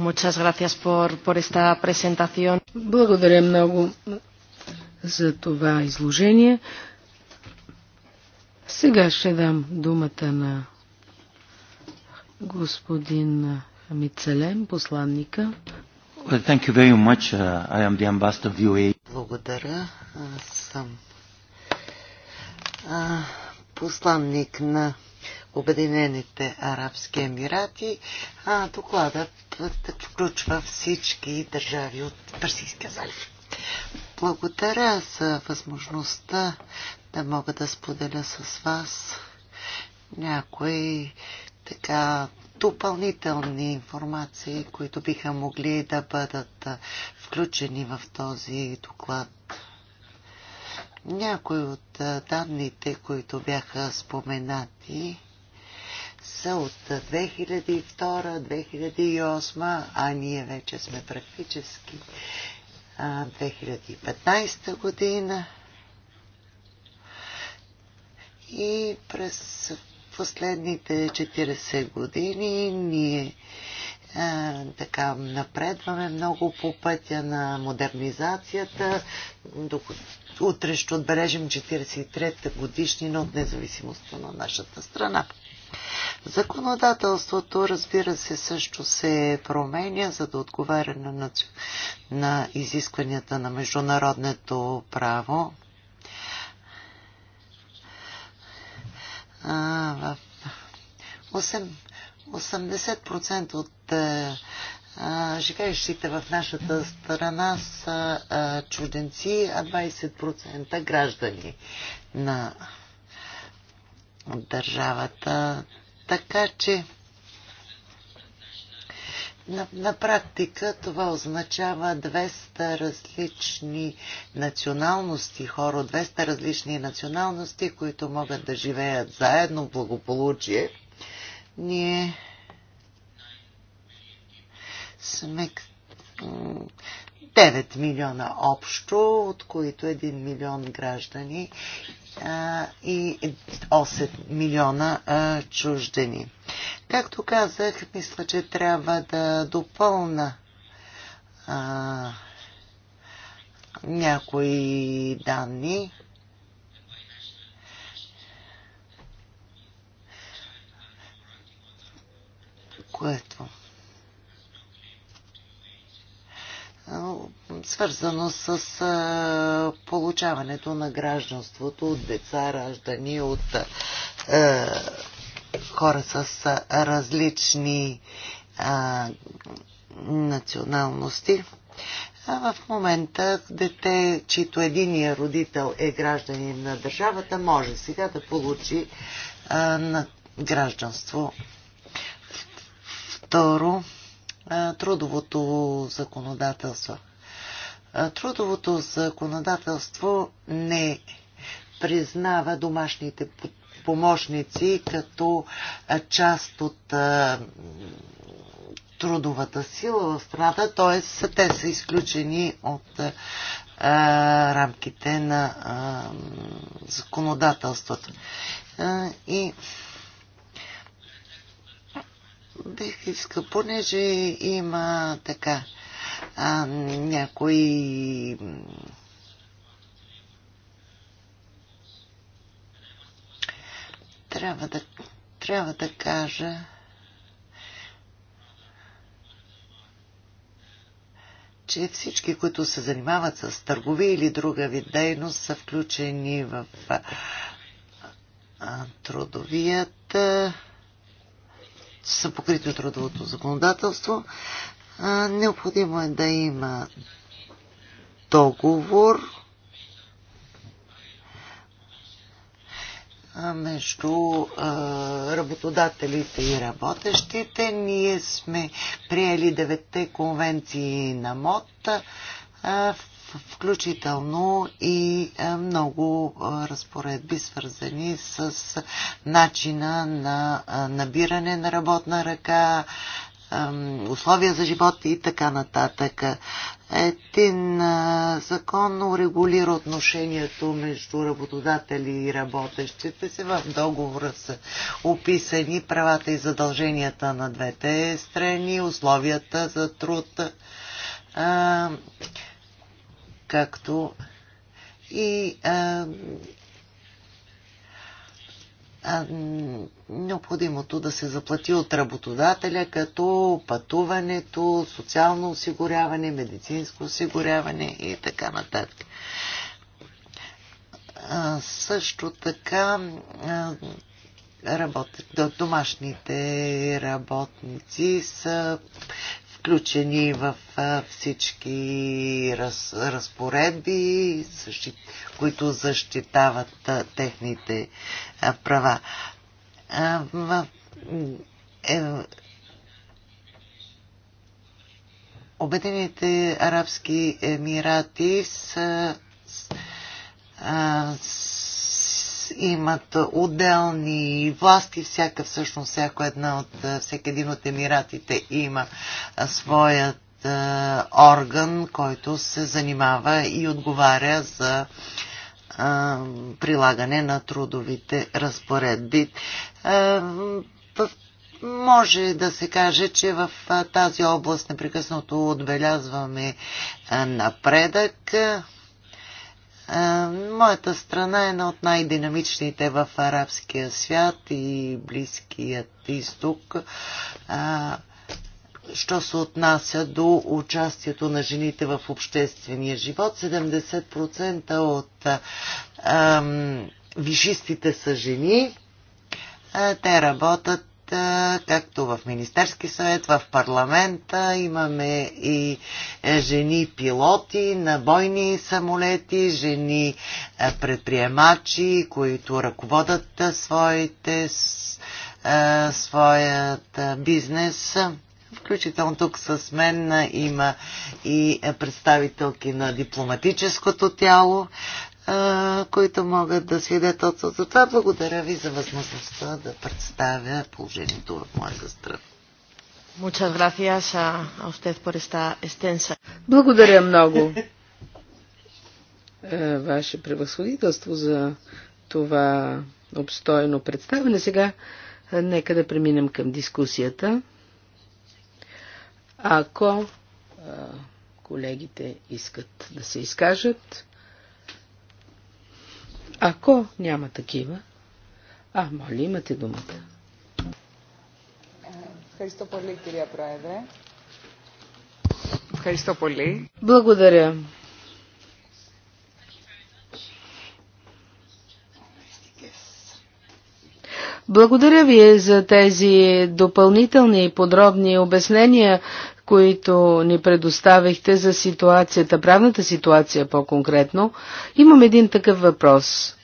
Muchas gracias por, por esta presentación. Благодаря много за това изложение. Сега ще дам думата на господин Хамид посланника. thank you very much. Uh, I am the ambassador of UAE. Благодаря. Аз съм а, посланник на Обединените арабски емирати, а докладът включва всички държави от Персийския залив. Благодаря за възможността да мога да споделя с вас някои така допълнителни информации, които биха могли да бъдат включени в този доклад. Някои от данните, които бяха споменати, са от 2002-2008, а ние вече сме практически 2015 година. И през последните 40 години ние е, така напредваме много по пътя на модернизацията. Утре ще отбележим 43-та годишнина от независимостта на нашата страна. Законодателството, разбира се, също се променя, за да отговаря на, наци... на изискванията на международното право. А, в 80% от а, живеещите в нашата страна са а, чуденци, а 20% граждани на от държавата. Така че на, на практика това означава 200 различни националности, хора 200 различни националности, които могат да живеят заедно в благополучие. Ние сме 9 милиона общо, от които 1 милион граждани и 8 милиона чуждени. Както казах, мисля, че трябва да допълна а, някои данни. Което свързано с получаването на гражданството от деца, раждани от а, хора с различни а, националности. А в момента дете, чието единия родител е гражданин на държавата, може сега да получи а, на гражданство. Второ, трудовото законодателство. Трудовото законодателство не признава домашните помощници като част от трудовата сила в страната, т.е. те са изключени от рамките на законодателството. и бих искал, понеже има така а, някои трябва да, трябва да кажа че всички, които се занимават с търгови или друга вид дейност, са включени в трудовият са покрити от трудовото законодателство. Необходимо е да има договор между работодателите и работещите. Ние сме приели девете конвенции на МОД, включително и е, много е, разпоредби, свързани с начина на е, набиране на работна ръка, условия за живот и така нататък. Един закон урегулира отношението между работодатели и работещите се. В договора са описани правата и задълженията на двете страни, условията за труд както и а, а, необходимото да се заплати от работодателя, като пътуването, социално осигуряване, медицинско осигуряване и така нататък. А, също така а, работ, домашните работници са включени в всички раз, разпоредби, защит, които защитават техните права. В, е, Обединените арабски емирати са, а, имат отделни власти, всяка всъщност, всяко една от, всеки един от емиратите има своят орган, който се занимава и отговаря за прилагане на трудовите разпоредби. може да се каже, че в тази област непрекъснато отбелязваме напредък. Е, моята страна е една от най-динамичните в арабския свят и Близкият изток. Е, що се отнася до участието на жените в обществения живот, 70% от е, а, вишистите са жени. Те работят както в Министерски съвет, в парламента. Имаме и е, жени пилоти на бойни самолети, жени е, предприемачи, които ръководят е, своите, своят бизнес. Включително тук с мен има и представителки на дипломатическото тяло които могат да свидетелстват за това. Благодаря ви за възможността да представя положението в моята страна. Muchas gracias a, a usted por esta extensa. Благодаря много, е, Ваше превъзходителство, за това обстойно представене. Сега е, нека да преминем към дискусията. Ако е, колегите искат да се изкажат, ако няма такива, а, моля, имате думата. Благодаря. Благодаря ви за тези допълнителни и подробни обяснения, които ни предоставихте за ситуацията, правната ситуация по-конкретно, имам един такъв въпрос.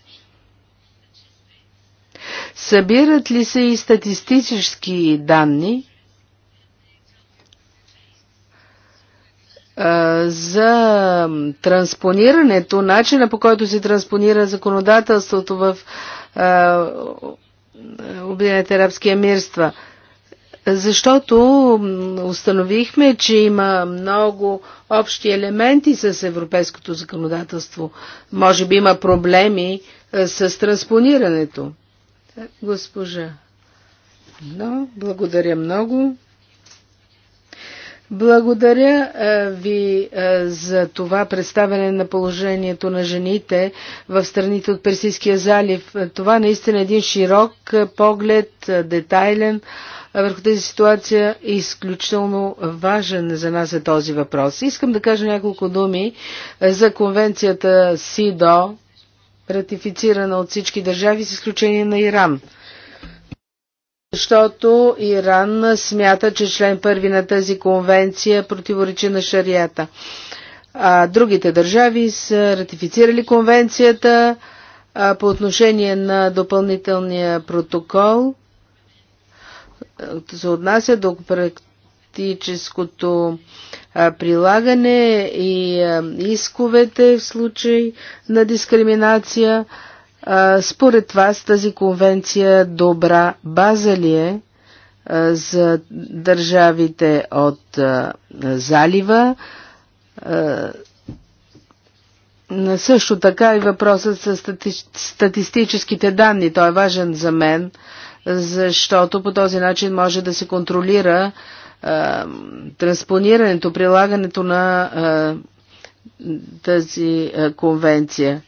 Събират ли се и статистически данни за транспонирането, начина по който се транспонира законодателството в Обединените арабски емирства – защото установихме, че има много общи елементи с европейското законодателство. Може би има проблеми е, с транспонирането. Госпожа. Но, благодаря много. Благодаря е, ви е, за това представяне на положението на жените в страните от Персийския залив. Това наистина е един широк поглед, детайлен върху тази ситуация. е Изключително важен за нас е този въпрос. Искам да кажа няколко думи е, за конвенцията СИДО, ратифицирана от всички държави, с изключение на Иран. Защото Иран смята, че член първи на тази конвенция противоречи на шарията. А другите държави са ратифицирали конвенцията по отношение на допълнителния протокол се отнася до практическото прилагане и исковете в случай на дискриминация, според вас тази конвенция добра база ли е за държавите от залива? Също така и въпросът с статистическите данни. Той е важен за мен, защото по този начин може да се контролира а, транспонирането, прилагането на а, тази а, конвенция.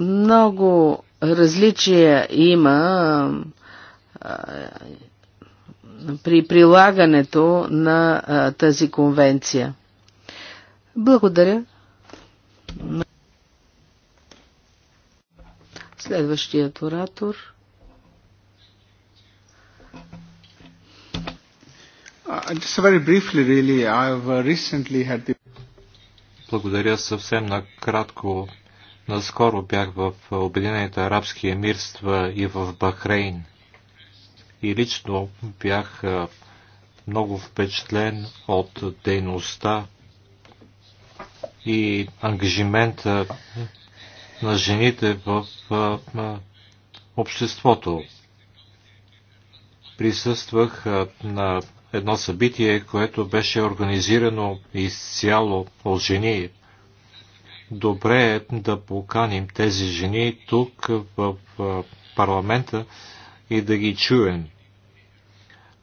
Много различия има при прилагането на тази конвенция. Благодаря. Следващият оратор. Uh, uh, Благодаря съвсем накратко. Наскоро бях в uh, Обединените арабски емирства и в Бахрейн. И лично бях много впечатлен от дейността и ангажимента на жените в, обществото. Присъствах на едно събитие, което беше организирано изцяло от жени. Добре е да поканим тези жени тук в парламента и да ги чуем,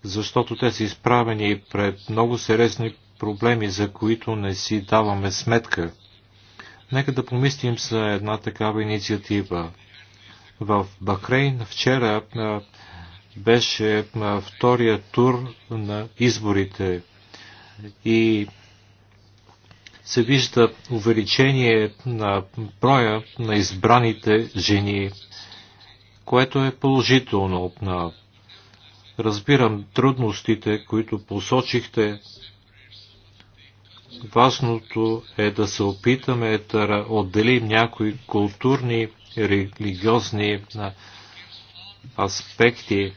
защото те са изправени пред много сериозни проблеми, за които не си даваме сметка. Нека да помислим за една такава инициатива. В Бахрейн вчера беше втория тур на изборите и се вижда увеличение на броя на избраните жени, което е положително. Разбирам трудностите, които посочихте Важното е да се опитаме да отделим някои културни, религиозни аспекти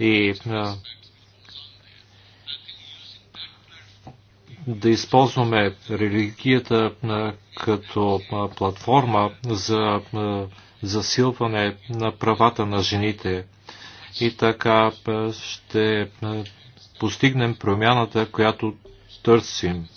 и да използваме религията като платформа за засилване на правата на жените. И така ще постигнем промяната, която търсим.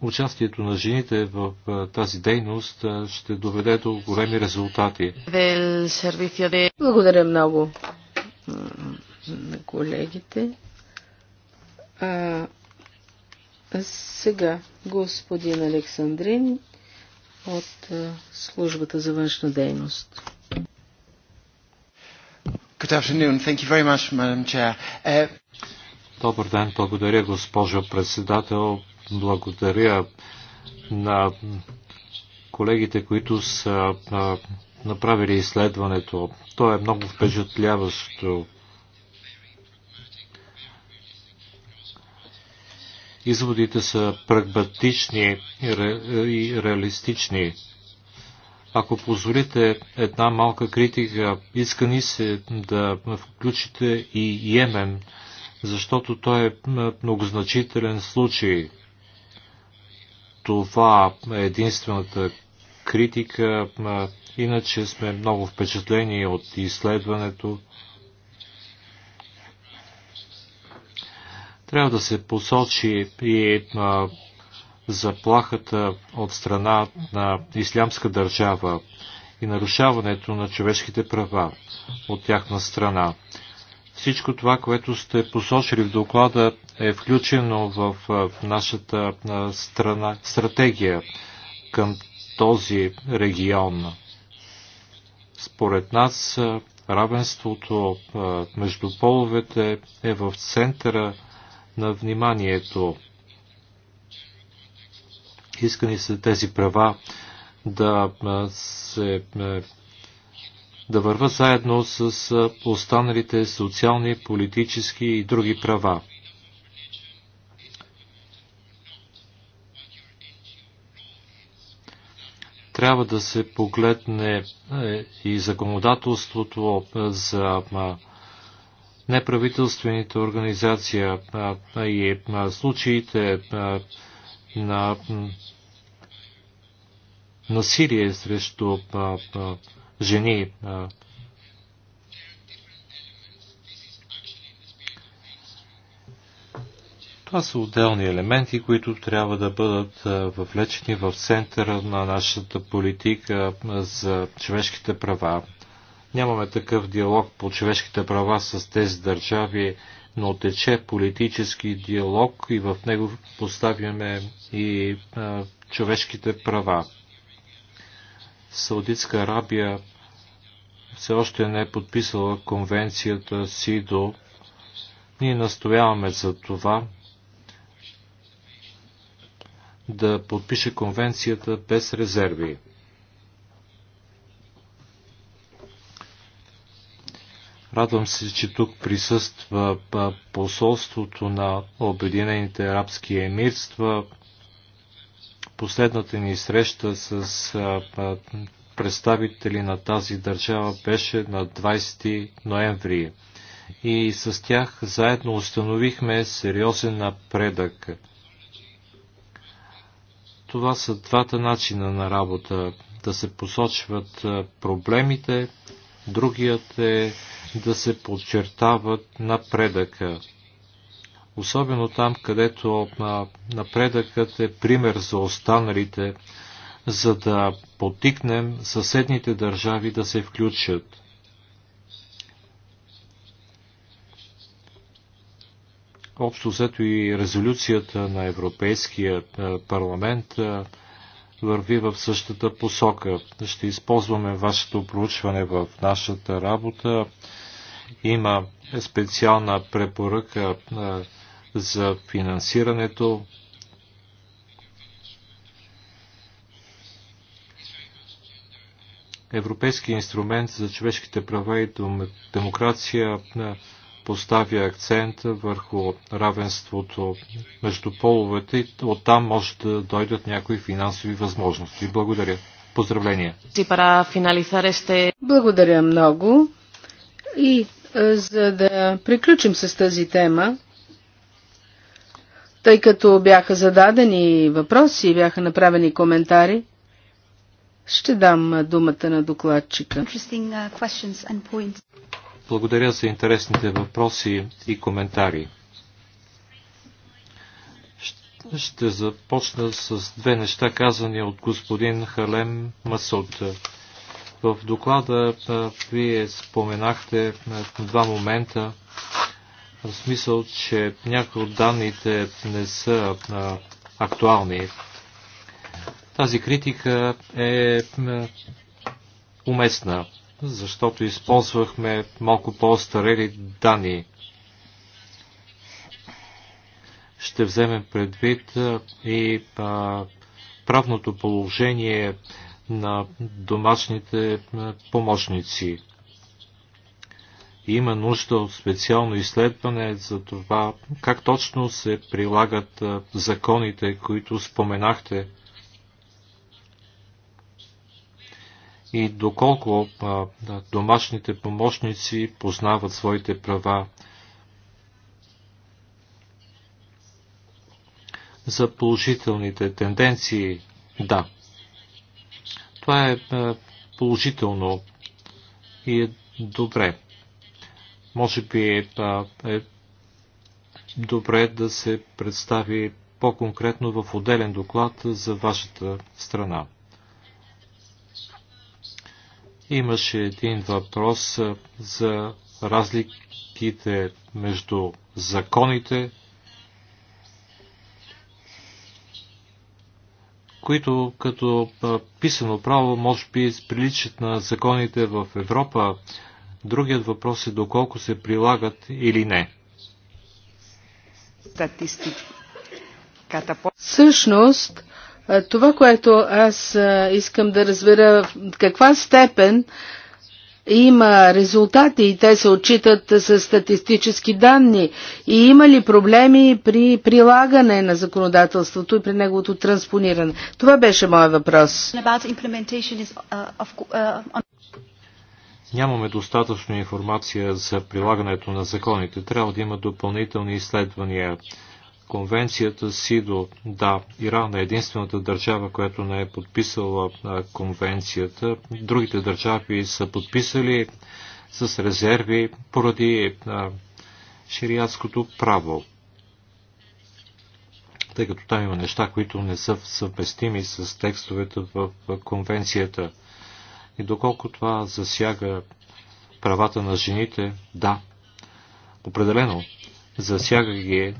Участието на жените в тази дейност ще доведе до големи резултати. Благодаря много на колегите. А, сега господин Александрин от е, службата за външна дейност. Е, Добър ден, благодаря госпожо председател, благодаря на колегите, които са направили изследването. То е много впечатляващо. Изводите са прагматични и, реалистични. Ако позволите една малка критика, иска ни се да включите и Йемен, защото той е многозначителен случай. Това е единствената критика, иначе сме много впечатлени от изследването. Трябва да се посочи и а, заплахата от страна на ислямска държава и нарушаването на човешките права от тяхна страна. Всичко това, което сте посочили в доклада, е включено в нашата страна, стратегия към този регион. Според нас равенството между половете е в центъра на вниманието. Искани са тези права да се да върва заедно с останалите социални, политически и други права. трябва да се погледне и законодателството за неправителствените организации и случаите на насилие срещу жени. Това са отделни елементи, които трябва да бъдат въвлечени в центъра на нашата политика за човешките права. Нямаме такъв диалог по човешките права с тези държави, но тече политически диалог и в него поставяме и а, човешките права. Саудитска Арабия все още не е подписала конвенцията СИДО. Ние настояваме за това да подпише конвенцията без резерви. Радвам се, че тук присъства посолството на Обединените арабски емирства. Последната ни среща с представители на тази държава беше на 20 ноември и с тях заедно установихме сериозен напредък. Това са двата начина на работа да се посочват проблемите. Другият е да се подчертават напредъка. Особено там, където напредъкът е пример за останалите, за да потикнем съседните държави да се включат. Общо взето и резолюцията на Европейския парламент върви в същата посока. Ще използваме вашето проучване в нашата работа. Има специална препоръка за финансирането. Европейски инструмент за човешките права и демокрация поставя акцент върху равенството между половете и оттам може да дойдат някои финансови възможности. Благодаря. Поздравления. Благодаря много. И е, за да приключим с тази тема, тъй като бяха зададени въпроси и бяха направени коментари, ще дам думата на докладчика. Uh, Благодаря за интересните въпроси и коментари. Ще започна с две неща, казани от господин Халем Масуд. В доклада вие споменахте два момента, в смисъл, че някои от данните не са актуални. Тази критика е уместна, защото използвахме малко по-остарели данни. Ще вземем предвид и правното положение на домашните е, помощници. Има нужда от специално изследване за това как точно се прилагат е, законите, които споменахте и доколко е, домашните помощници познават своите права. За положителните тенденции, да, това е, е положително и е добре. Може би е, е добре да се представи по-конкретно в отделен доклад за вашата страна. Имаше един въпрос е, за разликите между законите които като писано право може би приличат на законите в Европа. Другият въпрос е доколко се прилагат или не. Всъщност, това, което аз искам да разбера в каква степен има резултати и те се отчитат с статистически данни? И има ли проблеми при прилагане на законодателството и при неговото транспониране? Това беше моят въпрос. Uh, uh, Нямаме достатъчно информация за прилагането на законите. Трябва да има допълнителни изследвания конвенцията си до Да, Иран е единствената държава, която не е подписала конвенцията. Другите държави са подписали с резерви поради шириатското право. Тъй като там има неща, които не са съвместими с текстовете в конвенцията. И доколко това засяга правата на жените, да, определено засяга ги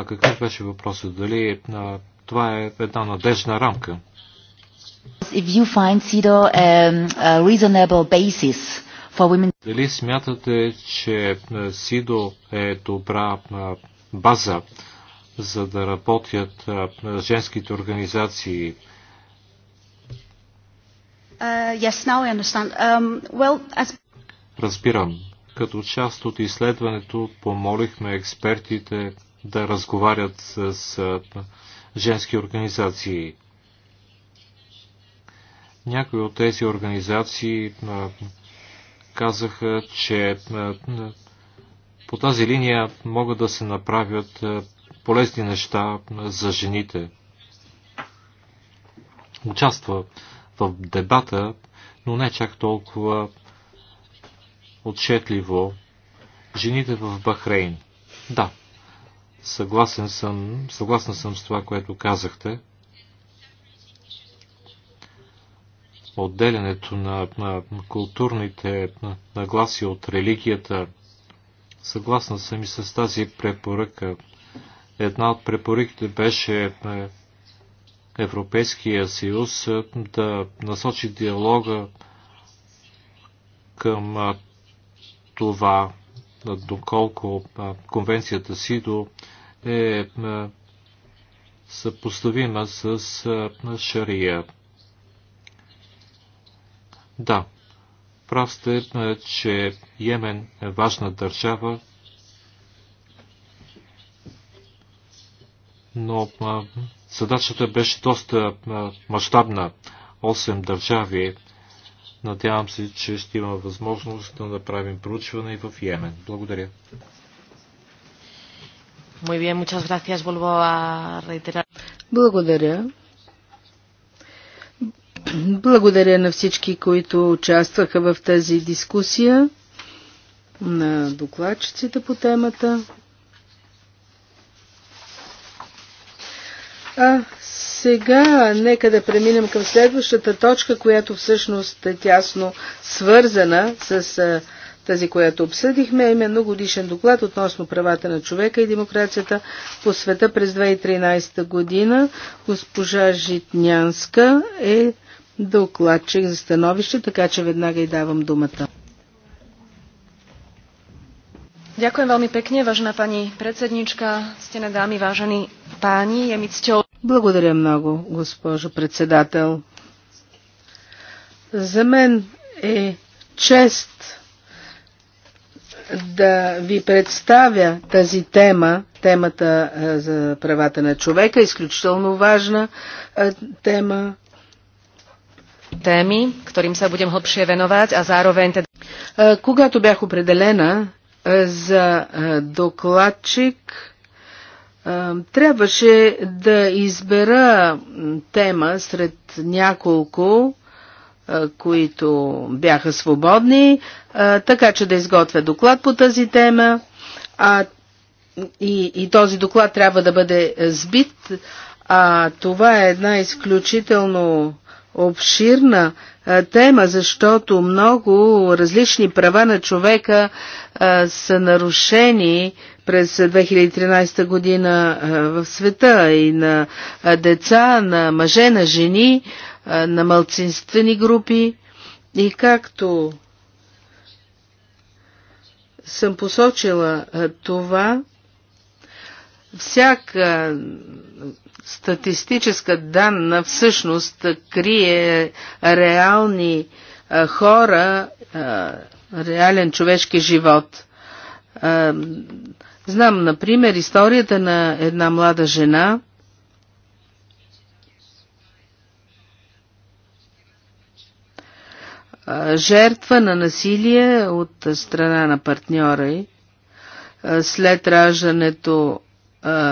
А какъв беше въпросът? Дали а, това е една надежна рамка? If you find CEDAW um, a reasonable basis for women... Дали смятате, че СИДО е добра база за да работят женските организации? Uh, yes, now I understand. Um, well, as... Разбирам. Като част от изследването помолихме експертите да разговарят с женски организации. Някои от тези организации казаха, че по тази линия могат да се направят полезни неща за жените. Участва в дебата, но не чак толкова отчетливо. Жените в Бахрейн. Да, Съгласен съм, съгласен съм с това, което казахте. Отделянето на, на културните нагласи от религията. Съгласна съм и с тази препоръка. Една от препоръките беше е, Европейския съюз е, да насочи диалога към е, това, доколко конвенцията си до. Е, е съпоставима с е, шария. Да, прав сте, е, че Йемен е важна държава, но задачата беше доста мащабна. 8 държави. Надявам се, че ще има възможност да направим проучване и в Йемен. Благодаря. Muy bien, muchas gracias. Vuelvo a reiterar. Благодаря. Благодаря на всички, които участваха в тази дискусия, на докладчиците по темата. А сега нека да преминем към следващата точка, която всъщност е тясно свързана с тази, която обсъдихме, е именно годишен доклад относно правата на човека и демокрацията по света през 2013 година. Госпожа Житнянска е докладчик за становище, така че веднага и давам думата. Ďakujem veľmi pekne, vážená pani predsednička, ctené dámy, vážení páni, je mi cťou. Благодаря много, госпожо председател. За мен е чест да ви представя тази тема, темата за правата на човека, изключително важна тема. Теми, ktorým sa будем hlbšie venovať а заровен... Когато бях определена за докладчик, трябваше да избера тема сред няколко, които бяха свободни, така че да изготвя доклад по тази тема. А, и, и този доклад трябва да бъде сбит. А това е една изключително обширна тема, защото много различни права на човека а, са нарушени през 2013 година а, в света и на деца, на мъже, на жени на мълцинствени групи и както съм посочила това, всяка статистическа данна всъщност крие реални хора, реален човешки живот. Знам, например, историята на една млада жена, жертва на насилие от страна на партньора й след раждането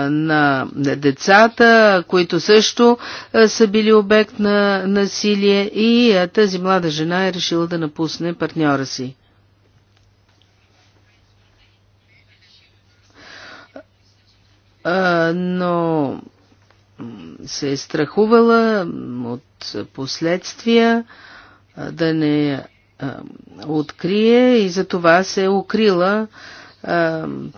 на децата, които също са били обект на насилие и тази млада жена е решила да напусне партньора си. Но се е страхувала от последствия да не открие и за това се е укрила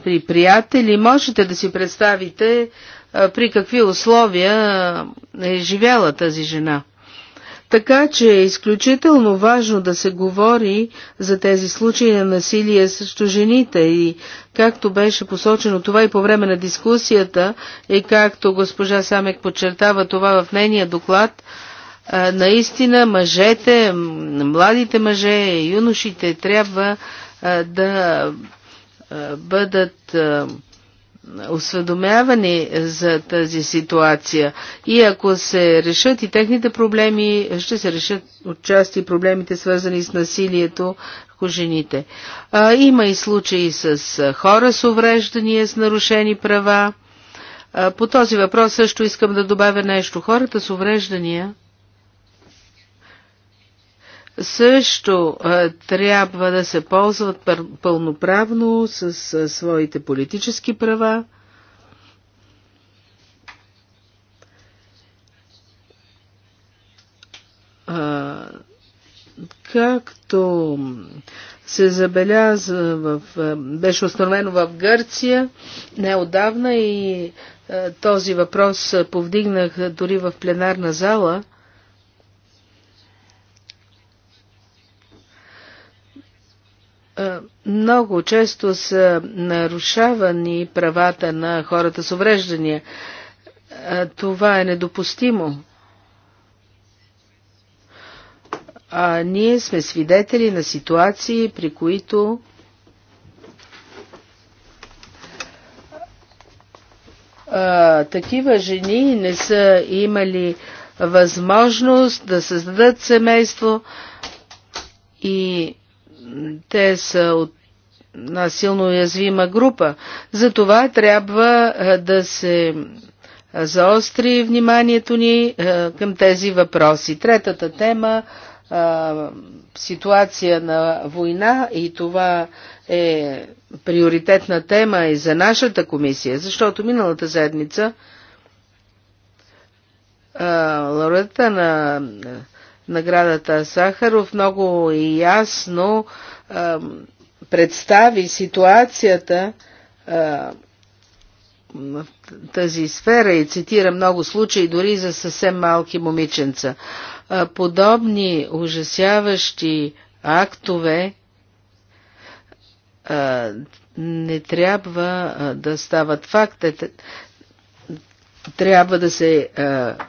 при приятели. Можете да си представите при какви условия е живяла тази жена. Така че е изключително важно да се говори за тези случаи на насилие срещу жените и както беше посочено това и по време на дискусията и както госпожа Самек подчертава това в нейния доклад, наистина мъжете, младите мъже, юношите трябва да бъдат осведомявани за тази ситуация. И ако се решат и техните проблеми, ще се решат отчасти проблемите свързани с насилието върху жените. има и случаи с хора с увреждания, с нарушени права. по този въпрос също искам да добавя нещо. Хората с увреждания също трябва да се ползват пълноправно с своите политически права. Както се забелязва в, беше установено в Гърция неодавна и този въпрос повдигнах дори в пленарна зала – Е, много често са нарушавани правата на хората с увреждания. Е, това е недопустимо. А ние сме свидетели на ситуации, при които а, е, такива жени не са имали възможност да създадат семейство и те са от на силно уязвима група. Затова трябва да се заостри вниманието ни към тези въпроси. Третата тема ситуация на война и това е приоритетна тема и за нашата комисия, защото миналата седмица лауреата на наградата Сахаров много ясно а, представи ситуацията а, в тази сфера и цитира много случаи дори за съвсем малки момиченца. А, подобни ужасяващи актове не трябва да стават факт трябва да се е,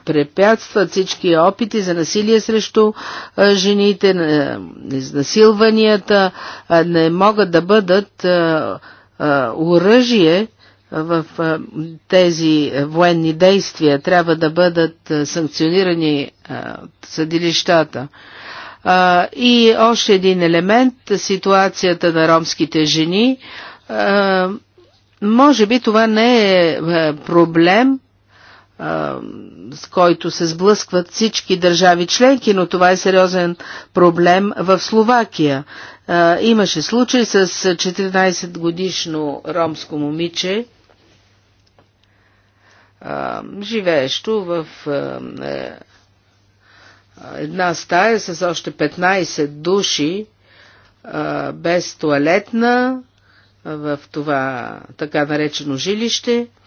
препятстват всички опити за насилие срещу е, жените, е, изнасилванията е, не могат да бъдат е, е, оръжие в е, тези военни действия, трябва да бъдат е, санкционирани е, съдилищата. А, е, и още един елемент ситуацията на ромските жени. Е, може би това не е, е проблем с който се сблъскват всички държави членки, но това е сериозен проблем в Словакия. Имаше случай с 14 годишно ромско момиче, живеещо в е, една стая с още 15 души, без туалетна в това така наречено жилище –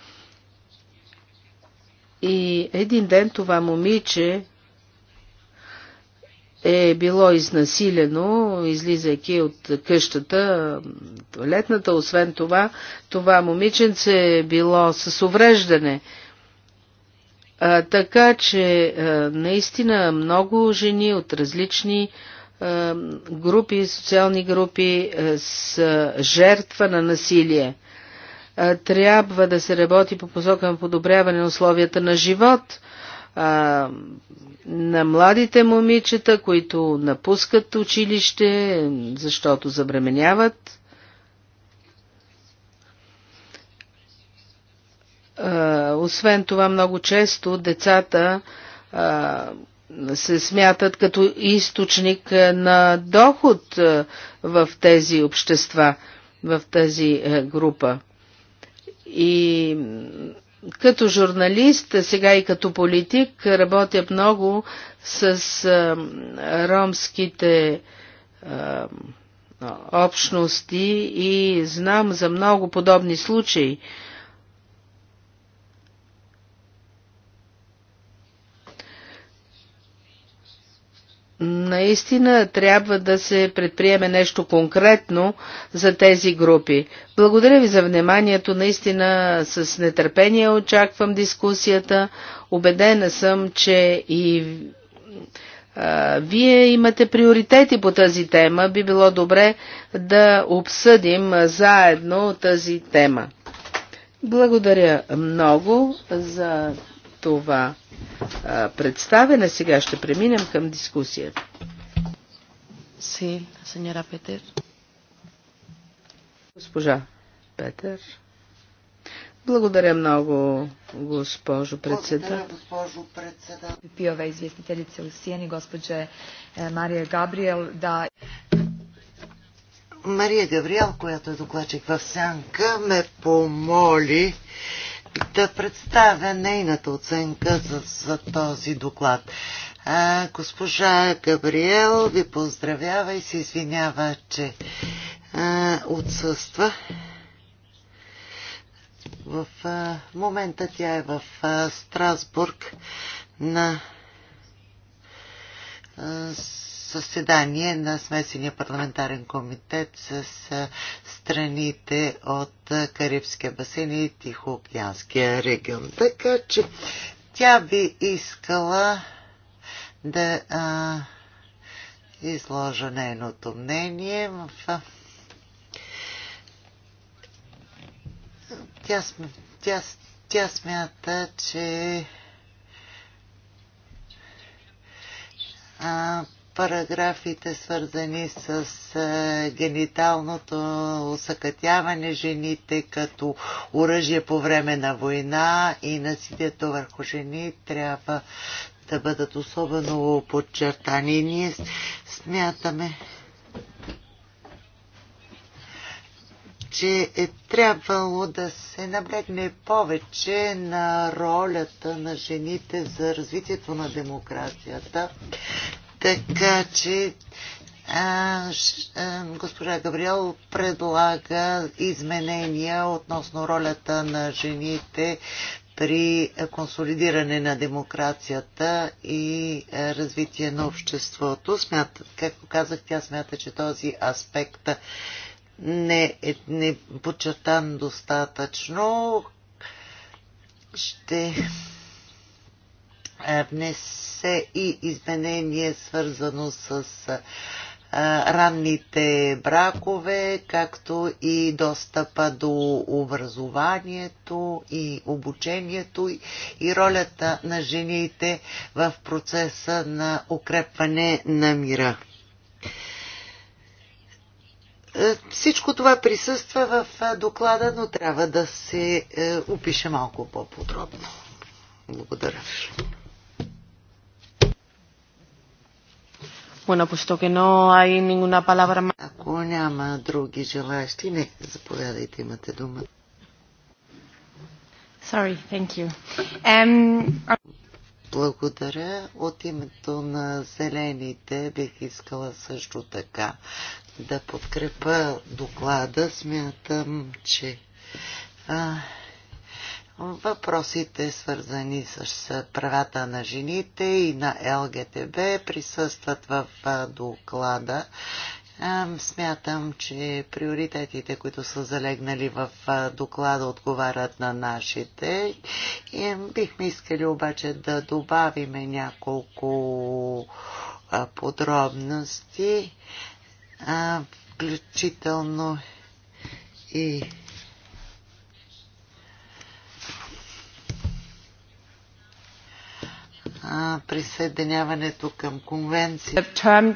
и един ден това момиче е било изнасилено, излизайки от къщата, туалетната. Освен това, това момиченце е било с увреждане. А, така че а, наистина много жени от различни а, групи, социални групи а, са жертва на насилие. Трябва да се работи по посока на подобряване на условията на живот а, на младите момичета, които напускат училище, защото забременяват. А, освен това, много често децата се смятат като източник на доход в тези общества, в тази група. И като журналист, сега и като политик, работя много с ромските общности и знам за много подобни случаи Наистина трябва да се предприеме нещо конкретно за тези групи. Благодаря ви за вниманието. Наистина с нетърпение очаквам дискусията. Обедена съм, че и а, вие имате приоритети по тази тема. Би било добре да обсъдим заедно тази тема. Благодаря много за това представена. Сега ще преминем към дискусията. Си, сеньора Петър. Госпожа Петър. Благодаря много, госпожо председател. Благодаря, госпожо председател. Пиове ове известителице у госпожа е, Мария Габриел, да... Мария Габриел, която е докладчик в Сянка, ме помоли да представя нейната оценка за, за този доклад. А, госпожа Габриел ви поздравява и се извинява, че а, отсъства. В а, момента тя е в а, Страсбург на а, заседание на смесения парламентарен комитет с страните от Карибския басейн и Тихоокеанския регион. Така че тя би искала да а, изложа нейното мнение в тя, тя, тя смята, че а, параграфите, свързани с гениталното усъкътяване жените като оръжие по време на война и насилието върху жени, трябва да бъдат особено подчертани. Ние смятаме, че е трябвало да се наблегне повече на ролята на жените за развитието на демокрацията така че а, а, госпожа Габриел предлага изменения относно ролята на жените при консолидиране на демокрацията и развитие на обществото. Смята, както казах, тя смята, че този аспект не е не е подчертан достатъчно. Ще е, внесе и изменение свързано с е, ранните бракове, както и достъпа до образованието и обучението и ролята на жените в процеса на укрепване на мира. Е, всичко това присъства в доклада, но трябва да се опише малко по-подробно. Благодаря. Bueno, puesto que no hay ninguna palabra más. Ако няма други желаящи, не, заповядайте, имате дума. Sorry, thank you. Um, Благодаря. От името на зелените бих искала също така да подкрепа доклада. Смятам, че а, въпросите, свързани с правата на жените и на ЛГТБ, присъстват в доклада. Смятам, че приоритетите, които са залегнали в доклада, отговарят на нашите. И бихме искали обаче да добавиме няколко подробности, включително и присъединяването към конвенция. Както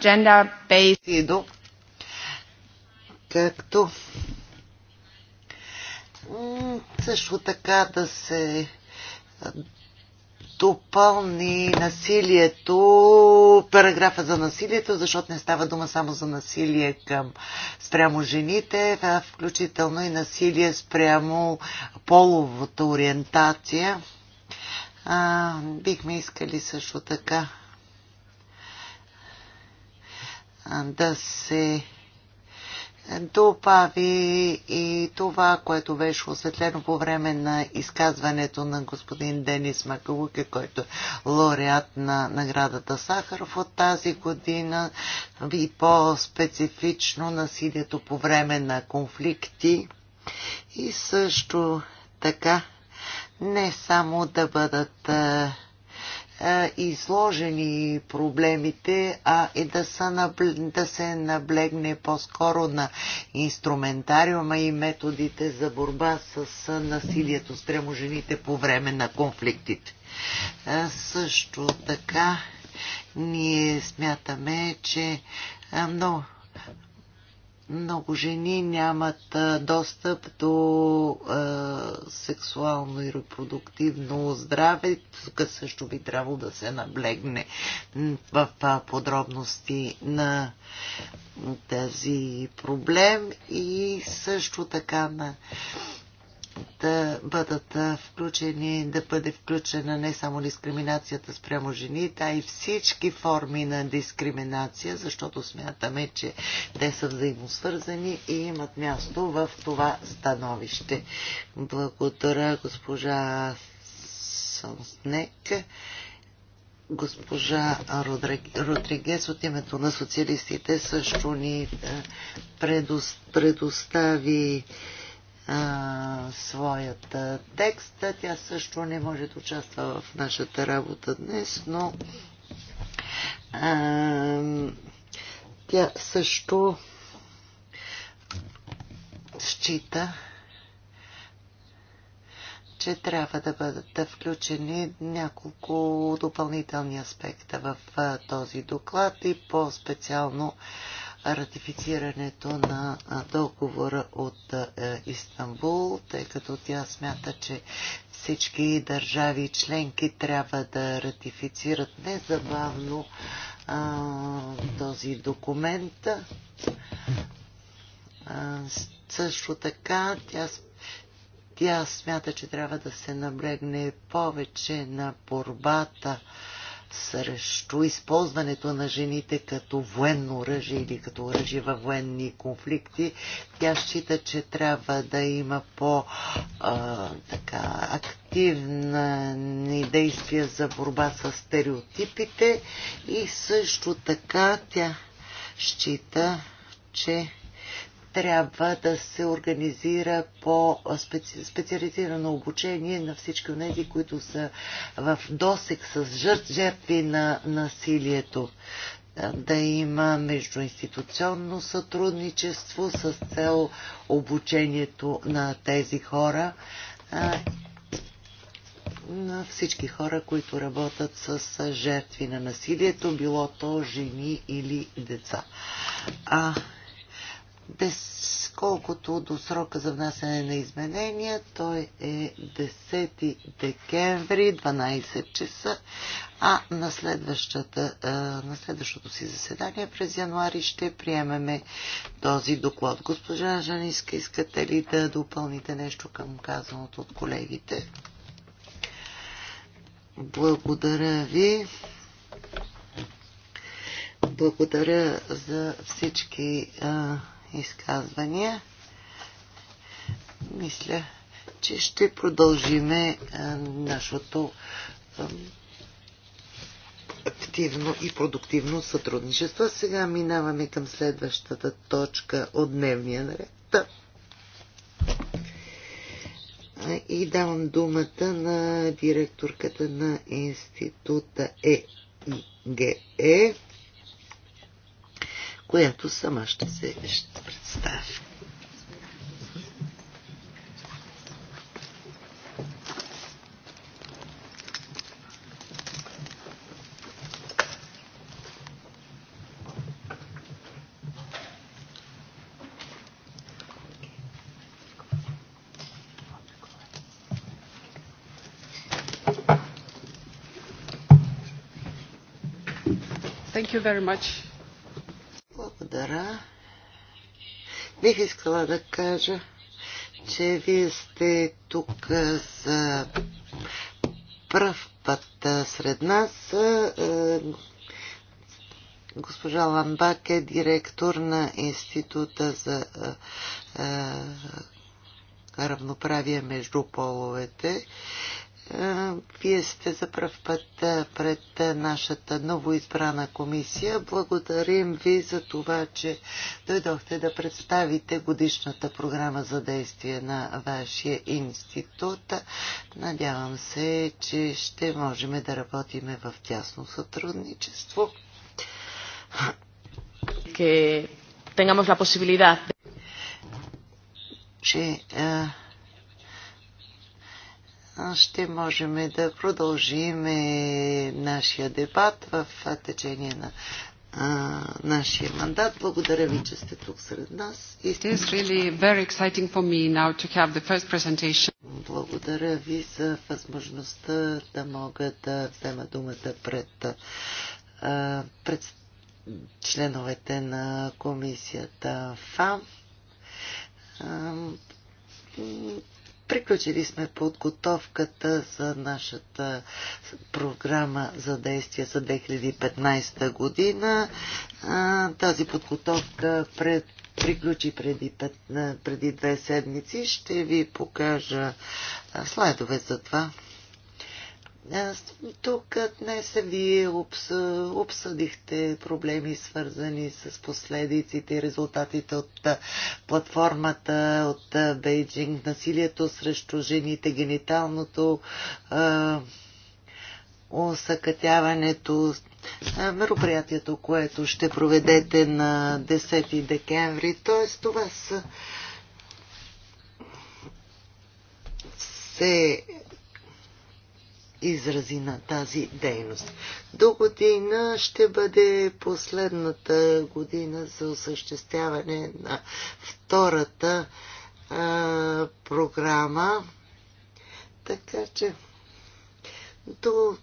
също така да се допълни насилието, параграфа за насилието, защото не става дума само за насилие към спрямо жените, а включително и насилие спрямо половата ориентация. А, бихме искали също така да се добави и това, което беше осветлено по време на изказването на господин Денис Макалуке, който е лауреат на наградата Сахаров от тази година и по-специфично насилието по време на конфликти и също така не само да бъдат а, е, а, е, изложени проблемите, а и да, са да се наблегне по-скоро на инструментариума и методите за борба с е, насилието спрямо жените по време на конфликтите. А, също така ние смятаме, че много много жени нямат достъп до е, сексуално и репродуктивно здраве. Тук също би трябвало да се наблегне в подробности на тази проблем и също така на да бъдат включени, да бъде включена не само дискриминацията спрямо жените, а и всички форми на дискриминация, защото смятаме, че те са взаимосвързани и имат място в това становище. Благодаря госпожа Сонснек. Госпожа Родригес от името на социалистите също ни предостави а, своят текст. Тя също не може да участва в нашата работа днес, но а, тя също счита, че трябва да бъдат включени няколко допълнителни аспекта в този доклад и по-специално ратифицирането на договора от Истанбул, тъй като тя смята, че всички държави и членки трябва да ратифицират незабавно а, този документ. А, също така тя, тя смята, че трябва да се набрегне повече на борбата а, срещу използването на жените като военно оръжие или като оръжие във военни конфликти. Тя счита, че трябва да има по а, така, активни действия за борба с стереотипите и също така тя счита, че трябва да се организира по специ... специализирано обучение на всички от тези, които са в досек с жертви на насилието е, да има междуинституционно сътрудничество с цел обучението на тези хора, на всички хора, които работят с жертви на насилието, било то жени или деца. А Дес, колкото до срока за внасяне на изменения, той е 10 декември, 12 часа, а на, на следващото си заседание през януари ще приемеме този доклад. Госпожа Жаниска, искате ли да допълните нещо към казаното от колегите? Благодаря ви. Благодаря за всички. А, изказвания. Мисля, че ще продължиме е, а, е, активно и продуктивно сътрудничество. Сега минаваме към следващата точка от дневния наред. И давам думата на директорката на института ЕИГЕ която сама ще се ще представи. Thank you very much. Сара. Бих искала да кажа, че вие сте тук за пръв път сред нас. Госпожа Ламбак е директор на Института за равноправие между половете вие сте за пръв път пред нашата новоизбрана комисия. Благодарим ви за това, че дойдохте да представите годишната програма за действие на вашия институт. Надявам се, че ще можем да работиме в тясно сътрудничество. Que tengamos la Че, ще можем да продължим е, нашия дебат в течение на а, нашия мандат. Благодаря ви, че сте тук сред нас. Благодаря ви за възможността да мога да взема думата пред, а, пред членовете на комисията ФАМ Приключили сме подготовката за нашата програма за действие за 2015 година. Тази подготовка пред приключи преди, преди две седмици. Ще ви покажа слайдове за това. Аз Тук днес вие обсъдихте проблеми, свързани с последиците и резултатите от платформата от Бейджинг, насилието срещу жените, гениталното осъкътяването, мероприятието, което ще проведете на 10 декември. Т.е. това са се изрази на тази дейност. До година ще бъде последната година за осъществяване на втората а, програма. Така че до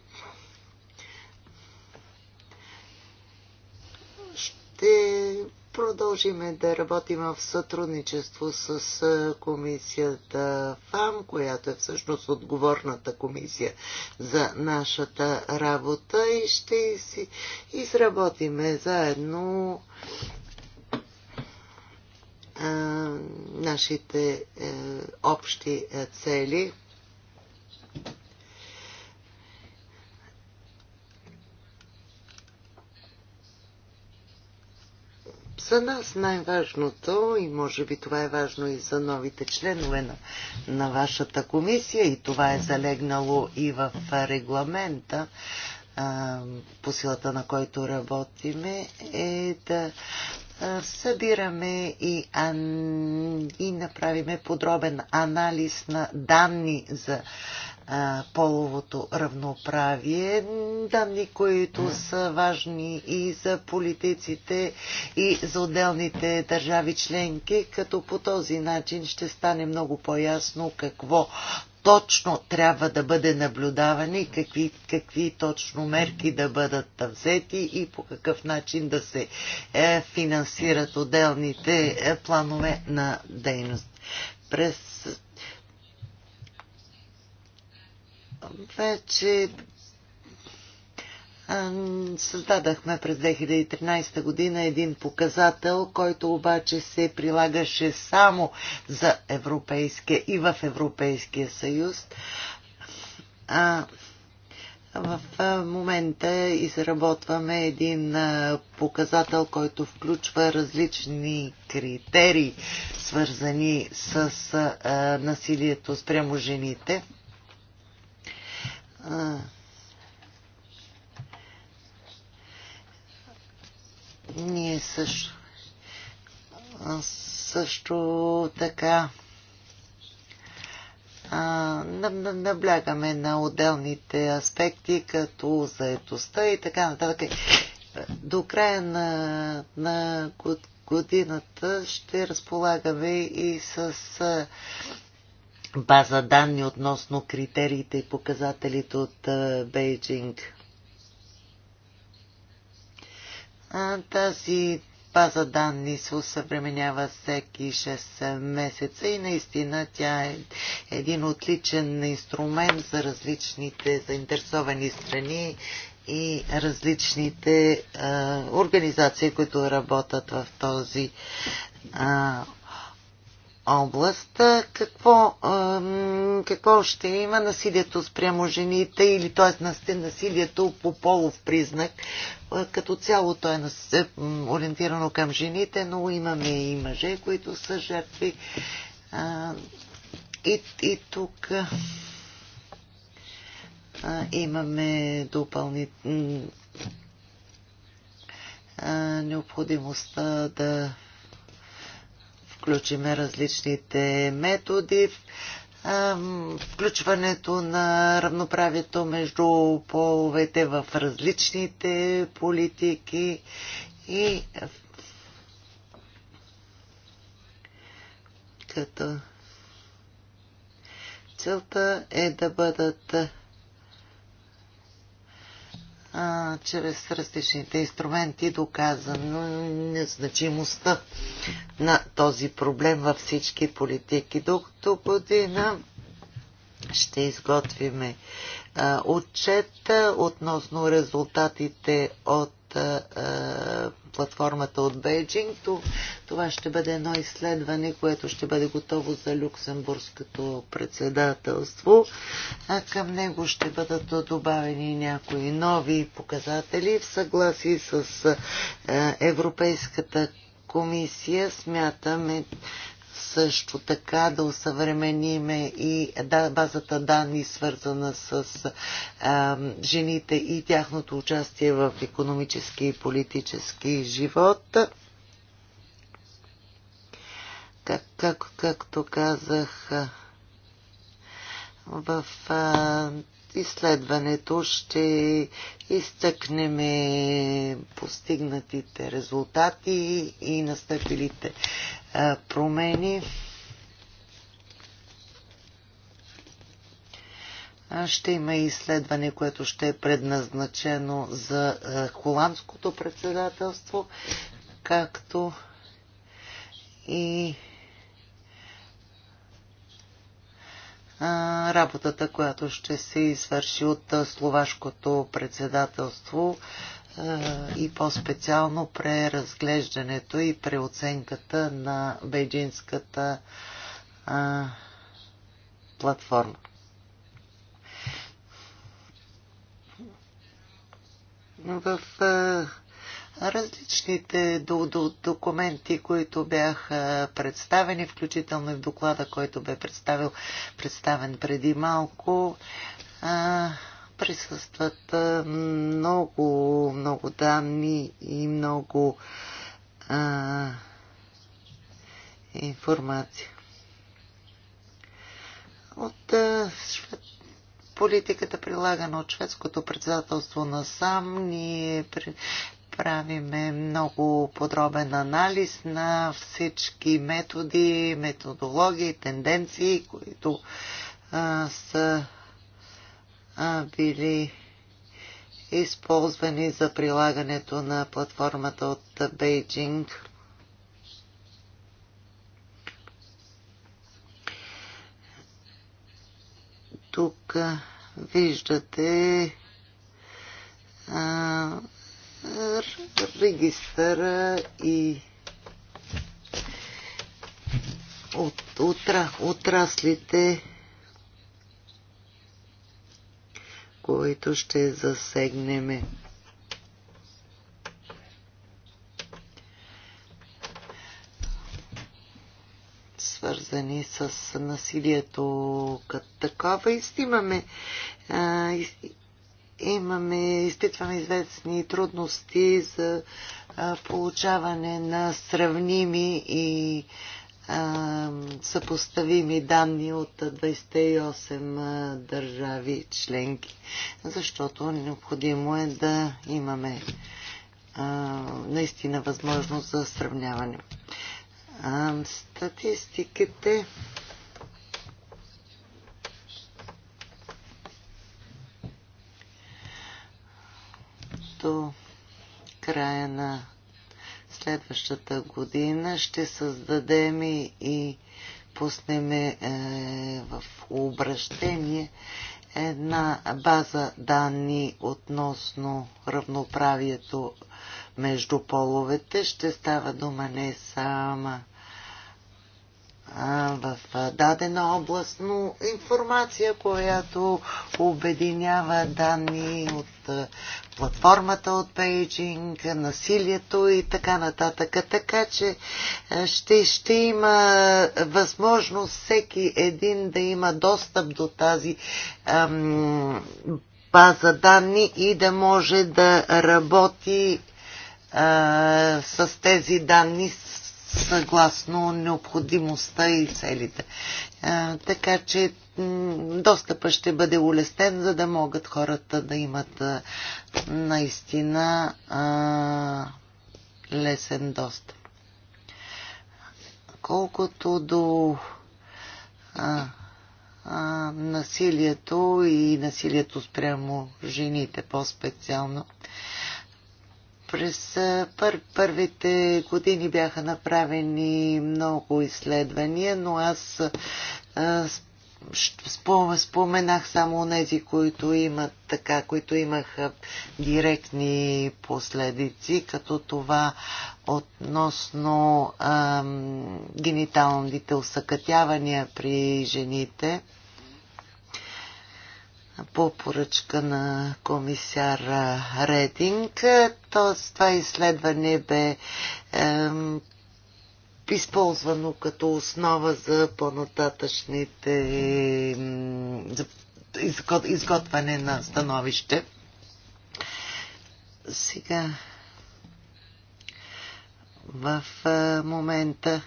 ще продължиме да работим в сътрудничество с комисията ФАМ, която е всъщност отговорната комисия за нашата работа и ще си изработиме заедно а, нашите а, е, общи е, цели За нас най-важното, и може би това е важно и за новите членове на, на вашата комисия, и това е залегнало и в регламента, а, по силата на който работиме, е да събираме и, ан... и направиме подробен анализ на данни за а, половото равноправие, данни, които са важни и за политиците, и за отделните държави членки, като по този начин ще стане много по-ясно какво точно трябва да бъде наблюдавани, какви, какви точно мерки да бъдат взети и по какъв начин да се е, финансират отделните е, планове на дейност. През Вече създадахме през 2013 година един показател, който обаче се прилагаше само за Европейския и в Европейския съюз. А, в момента изработваме един показател, който включва различни критерии, свързани с насилието спрямо жените. А, ние също също така наблягаме на отделните аспекти, като заетостта и така нататък. До края на, на годината ще разполагаме и с база данни относно критериите и показателите от Бейджинг. Тази база данни се усъвременява всеки 6 месеца и наистина тя е един отличен инструмент за различните заинтересовани страни и различните а, организации, които работят в този а, област, какво, какво ще има насилието спрямо жените или т.е. насилието по полов признак. Като цяло то е, е ориентирано към жените, но имаме и мъже, които са жертви. И, и тук имаме допълнително необходимостта да включиме различните методи, включването на равноправието между половете в различните политики и като целта е да бъдат чрез различните инструменти доказано незначимостта на този проблем във всички политики. Докато година ще изготвиме отчет относно резултатите от а, платформата от Бейджинг. Това ще бъде едно изследване, което ще бъде готово за люксембургското председателство. А към него ще бъдат добавени някои нови показатели в съгласие с а, Европейската комисия. Смятаме, също така да усъвремениме и базата данни, свързана с а, жените и тяхното участие в економически и политически живот. Как, как, както казах, в а, изследването ще изтъкнем постигнатите резултати и настъпилите промени. Ще има и изследване, което ще е предназначено за холандското председателство, както и работата, която ще се извърши от словашкото председателство и по-специално преразглеждането и преоценката на бейджинската платформа. В Различните документи, които бяха представени, включително и в доклада, който бе представил, представен преди малко, присъстват много, много данни и много а, информация. От а, швед... политиката, прилагана от шведското председателство на сам, ние правиме много подробен анализ на всички методи, методологии, тенденции, които а, са а, били използвани за прилагането на платформата от Бейджинг. Тук виждате а, регистъра и от, отра, отраслите, които ще засегнеме. свързани с насилието като такова и снимаме а, имаме, изпитваме известни трудности за получаване на сравними и съпоставими данни от 28 държави членки, защото необходимо е да имаме наистина възможност за сравняване. Статистиките до края на следващата година ще създадем и пуснеме е, в обращение една база данни относно равноправието между половете. Ще става дума не само в дадена област, но информация, която обединява данни от платформата от Пейджинг, насилието и така нататък. Така че ще, ще има възможност всеки един да има достъп до тази ам, база данни и да може да работи а, с тези данни съгласно необходимостта и целите. Така че достъпът ще бъде улестен, за да могат хората да имат наистина лесен достъп. Колкото до насилието и насилието спрямо жените по-специално. През пър, първите години бяха направени много изследвания, но аз а, споменах само тези, които имат така, които имаха директни последици, като това относно ам, гениталните усъкътявания при жените по поръчка на комисар Рединг. Тоест, това изследване бе е, използвано като основа за по-нататъчните изготвяне на становище. Сега в е, момента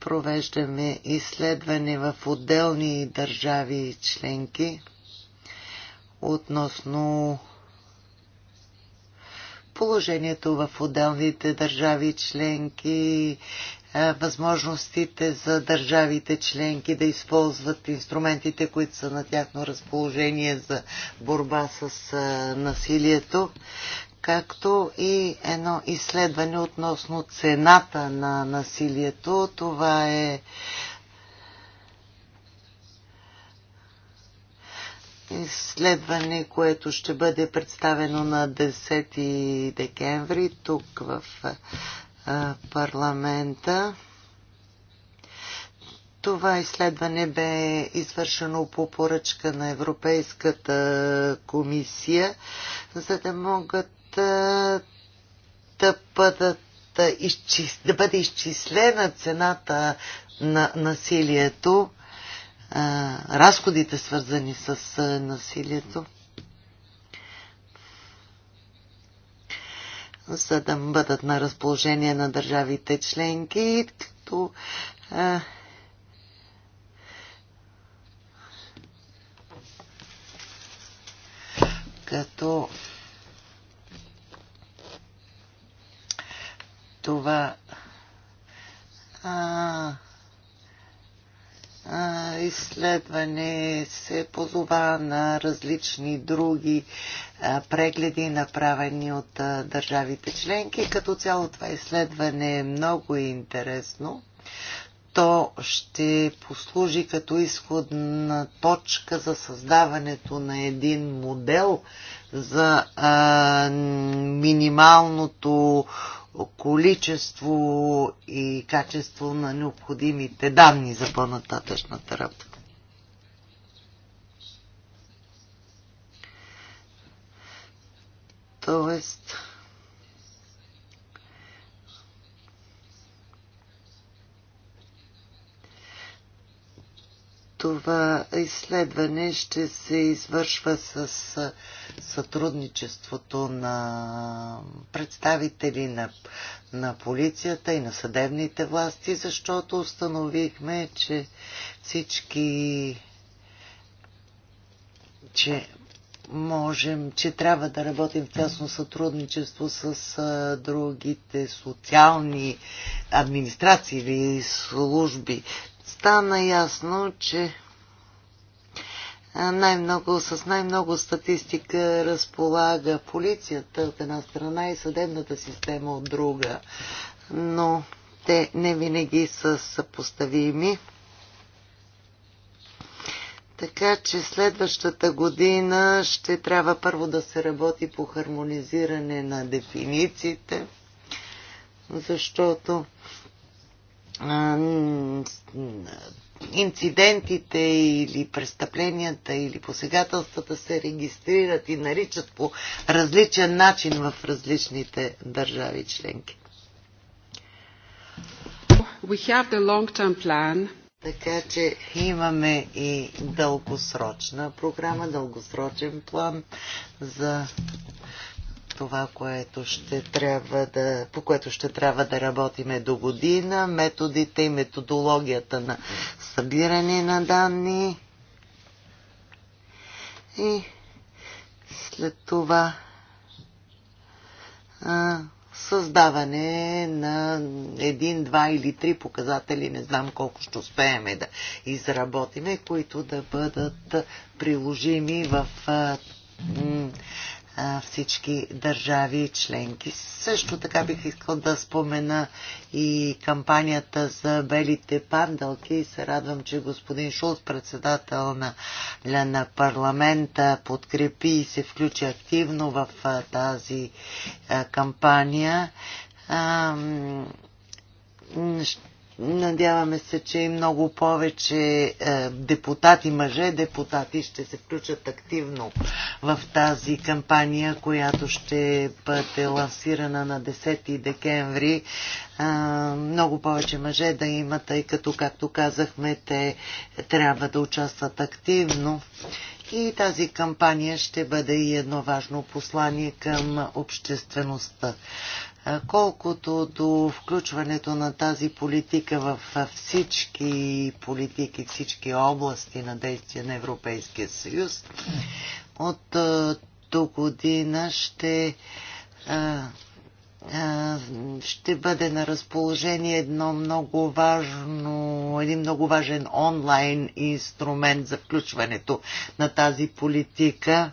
провеждаме изследване в отделни държави и членки относно положението в отделните държави членки, възможностите за държавите членки да използват инструментите, които са на тяхно разположение за борба с насилието както и едно изследване относно цената на насилието. Това е изследване, което ще бъде представено на 10 декември тук в парламента. Това изследване бе извършено по поръчка на Европейската комисия, за да могат да, бъдат, да бъде изчислена цената на насилието, разходите свързани с насилието, за да бъдат на разположение на държавите членки, като като това а, а, изследване се позова на различни други а, прегледи, направени от а, държавите членки. Като цяло това изследване е много интересно. То ще послужи като изходна точка за създаването на един модел за а, минималното а, количество и качество на необходимите данни за по-нататъчната работа. Тоест, Това изследване ще се извършва с сътрудничеството на представители на, на полицията и на съдебните власти, защото установихме, че всички че можем, че трябва да работим в тясно сътрудничество с а, другите социални администрации или служби, стана ясно, че най-много, с най-много статистика разполага полицията от една страна и съдебната система от друга. Но те не винаги са съпоставими. Така че следващата година ще трябва първо да се работи по хармонизиране на дефинициите, защото инцидентите или престъпленията или посегателствата се регистрират и наричат по различен начин в различните държави членки. We have the long-term plan. Така че имаме и дългосрочна програма, дългосрочен план за това, което ще трябва да, по което ще трябва да работиме до година, методите и методологията на събиране на данни. И след това а, създаване на един, два или три показатели, не знам колко ще успеем да изработиме, които да бъдат приложими в всички държави и членки. Също така бих искал да спомена и кампанията за белите пандалки се радвам, че господин Шулц, председател на, на парламента, подкрепи и се включи активно в тази кампания Надяваме се, че и много повече е, депутати, мъже депутати ще се включат активно в тази кампания, която ще бъде лансирана на 10 декември. Е, много повече мъже да има, тъй като, както казахме, те трябва да участват активно. И тази кампания ще бъде и едно важно послание към обществеността. Колкото до включването на тази политика в всички политики, всички области на действие на Европейския съюз, от до година ще ще бъде на разположение едно много важно, един много важен онлайн инструмент за включването на тази политика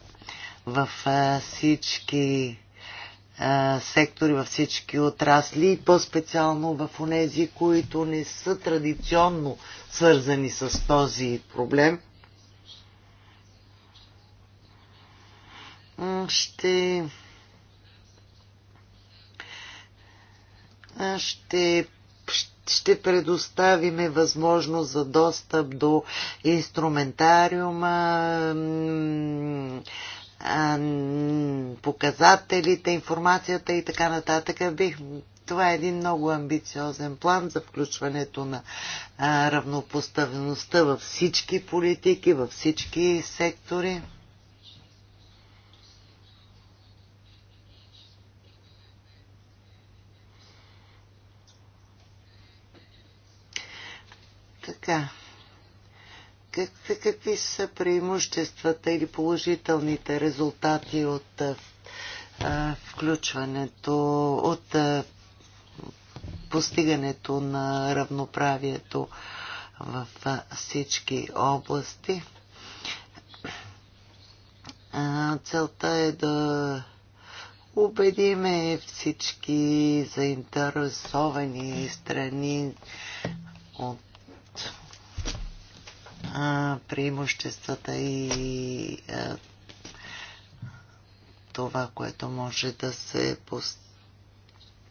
в всички сектори, във всички отрасли и по-специално в онези, които не са традиционно свързани с този проблем. Ще ще ще предоставиме възможност за достъп до инструментариума, показателите, информацията и така нататък. Бих, това е един много амбициозен план за включването на а, равнопоставеността във всички политики, във всички сектори. Така. Как, какви са преимуществата или положителните резултати от а, включването, от а, постигането на равноправието в а, всички области? целта е да убедиме всички заинтересовани страни от преимуществата и това, което може да се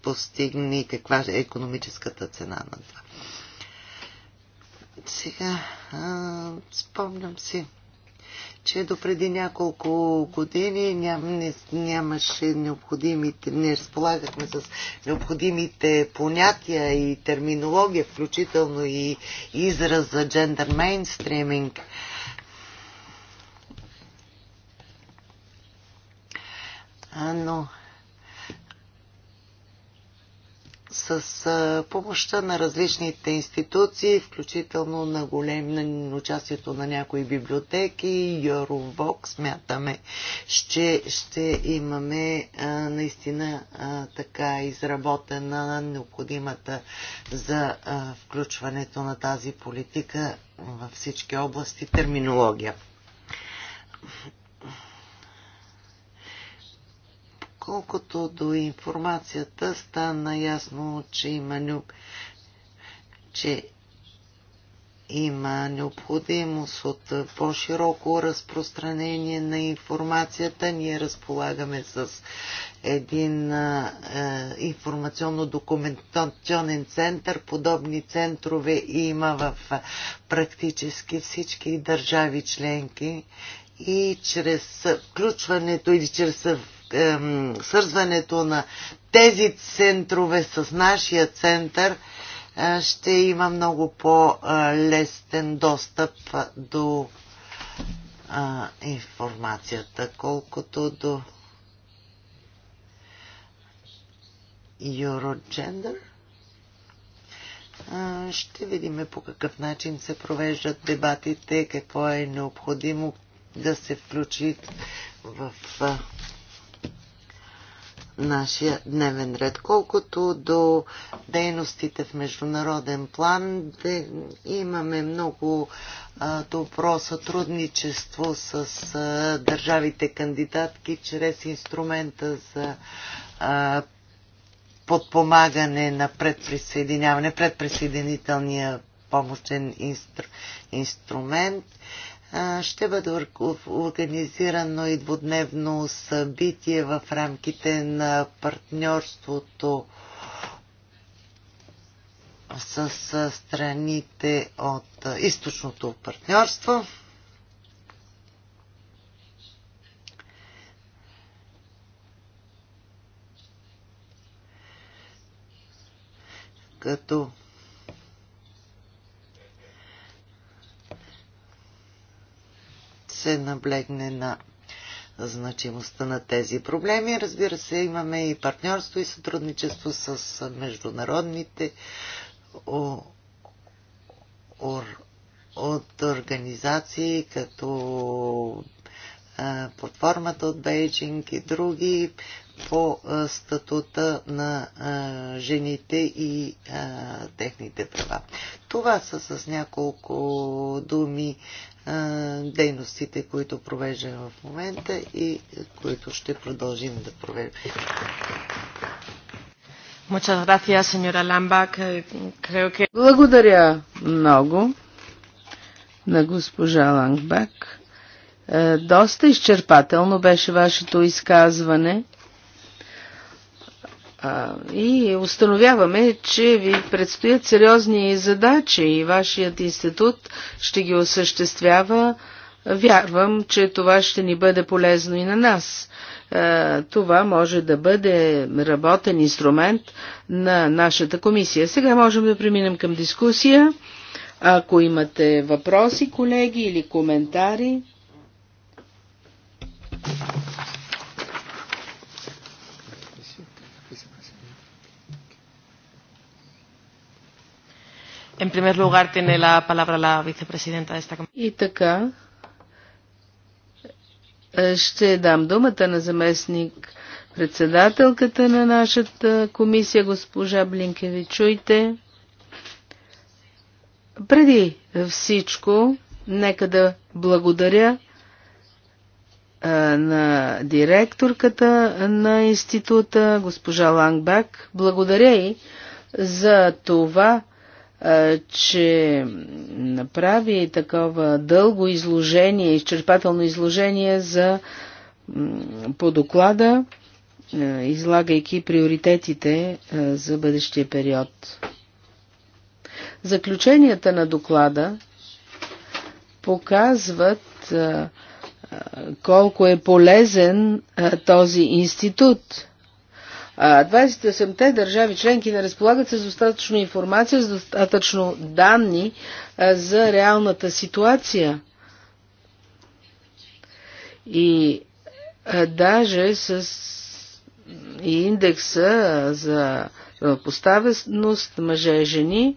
постигне и каква е економическата цена на това. Сега спомням си че до преди няколко години ням, не, нямаше необходимите, не разполагахме с необходимите понятия и терминология, включително и израз за джендър мейнстриминг. но с помощта на различните институции, включително на голем на участието на някои библиотеки, Eurovox, смятаме, ще, ще имаме а, наистина а, така изработена необходимата за а, включването на тази политика във всички области терминология. Колкото до информацията, стана ясно, че има, люб... че има необходимост от по-широко разпространение на информацията. Ние разполагаме с един е, информационно-документационен център. Подобни центрове има в практически всички държави членки и чрез включването или чрез свързването на тези центрове с нашия център е, ще има много по-лесен достъп до информацията, колкото до Eurogender. Ще видим по какъв начин се провеждат дебатите, какво е необходимо да се включи в нашия дневен ред. Колкото до дейностите в международен план, де, имаме много а, добро сътрудничество с а, държавите кандидатки чрез инструмента за а, подпомагане на предприсъединяване, предприсъединителния помощен инстру, инструмент. А, ще бъде организирано и двудневно събитие в рамките на партньорството с страните от източното партньорство. Като се наблегне на значимостта на тези проблеми. Разбира се, имаме и партньорство и сътрудничество с международните от организации като платформата от Бейджинг и други по статута на жените и техните права. Това са с няколко думи дейностите, които провеждаме в момента и които ще продължим да провеждаме. Благодаря много на госпожа Лангбак. Е, доста изчерпателно беше вашето изказване и установяваме, че ви предстоят сериозни задачи и вашият институт ще ги осъществява. Вярвам, че това ще ни бъде полезно и на нас. Това може да бъде работен инструмент на нашата комисия. Сега можем да преминем към дискусия. Ако имате въпроси, колеги, или коментари. Thank you. En primer lugar, tiene la palabra la vicepresidenta de esta И така, ще дам думата на заместник председателката на нашата комисия, госпожа Блинкеви. Чуйте. Преди всичко, нека да благодаря на директорката на института, госпожа Лангбак. Благодаря и за това, че направи такова дълго изложение, изчерпателно изложение за, по доклада, излагайки приоритетите за бъдещия период. Заключенията на доклада показват колко е полезен този институт 28-те държави членки не разполагат с достатъчно информация, с достатъчно данни за реалната ситуация. И даже с индекса за поставеност мъже и жени,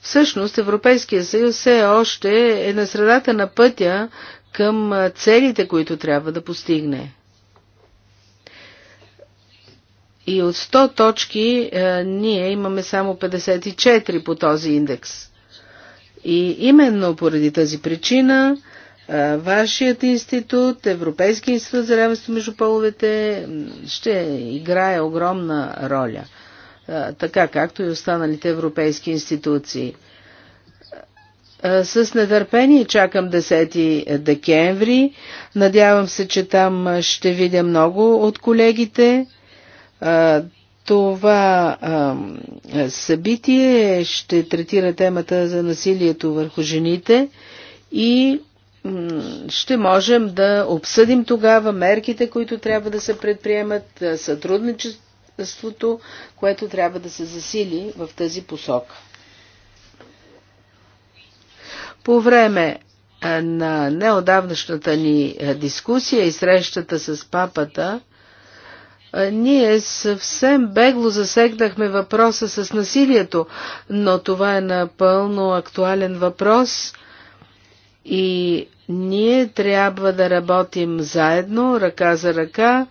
всъщност Европейския съюз все още е на средата на пътя към целите, които трябва да постигне. И от 100 точки е, ние имаме само 54 по този индекс. И именно поради тази причина е, вашият институт, Европейски институт за равенство между половете, ще играе огромна роля, е, така както и останалите европейски институции. С нетърпение чакам 10 декември. Надявам се, че там ще видя много от колегите това събитие ще третира темата за насилието върху жените и ще можем да обсъдим тогава мерките, които трябва да се предприемат, сътрудничеството, което трябва да се засили в тази посока. По време на неодавнашната ни дискусия и срещата с папата, ние съвсем бегло засегнахме въпроса с насилието, но това е напълно актуален въпрос и ние трябва да работим заедно, ръка за ръка,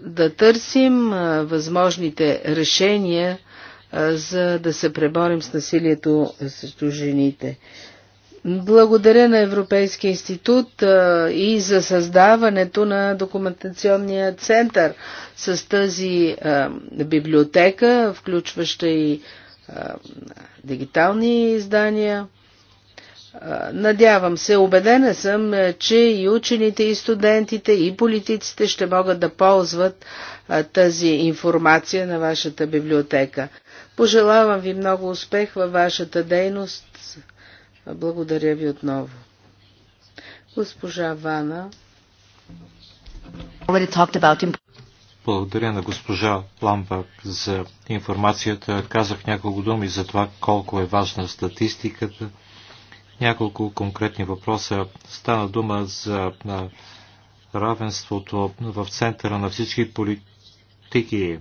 да търсим възможните решения, за да се преборим с насилието срещу жените. Благодаря на Европейския институт а, и за създаването на документационния център с тази а, библиотека, включваща и а, дигитални издания. Надявам се, убедена съм, че и учените, и студентите, и политиците ще могат да ползват тази информация на вашата библиотека. Пожелавам ви много успех във вашата дейност благодаря ви отново. Госпожа Вана. Благодаря на госпожа Ламбак за информацията. Казах няколко думи за това колко е важна статистиката. Няколко конкретни въпроса. Стана дума за равенството в центъра на всички политики.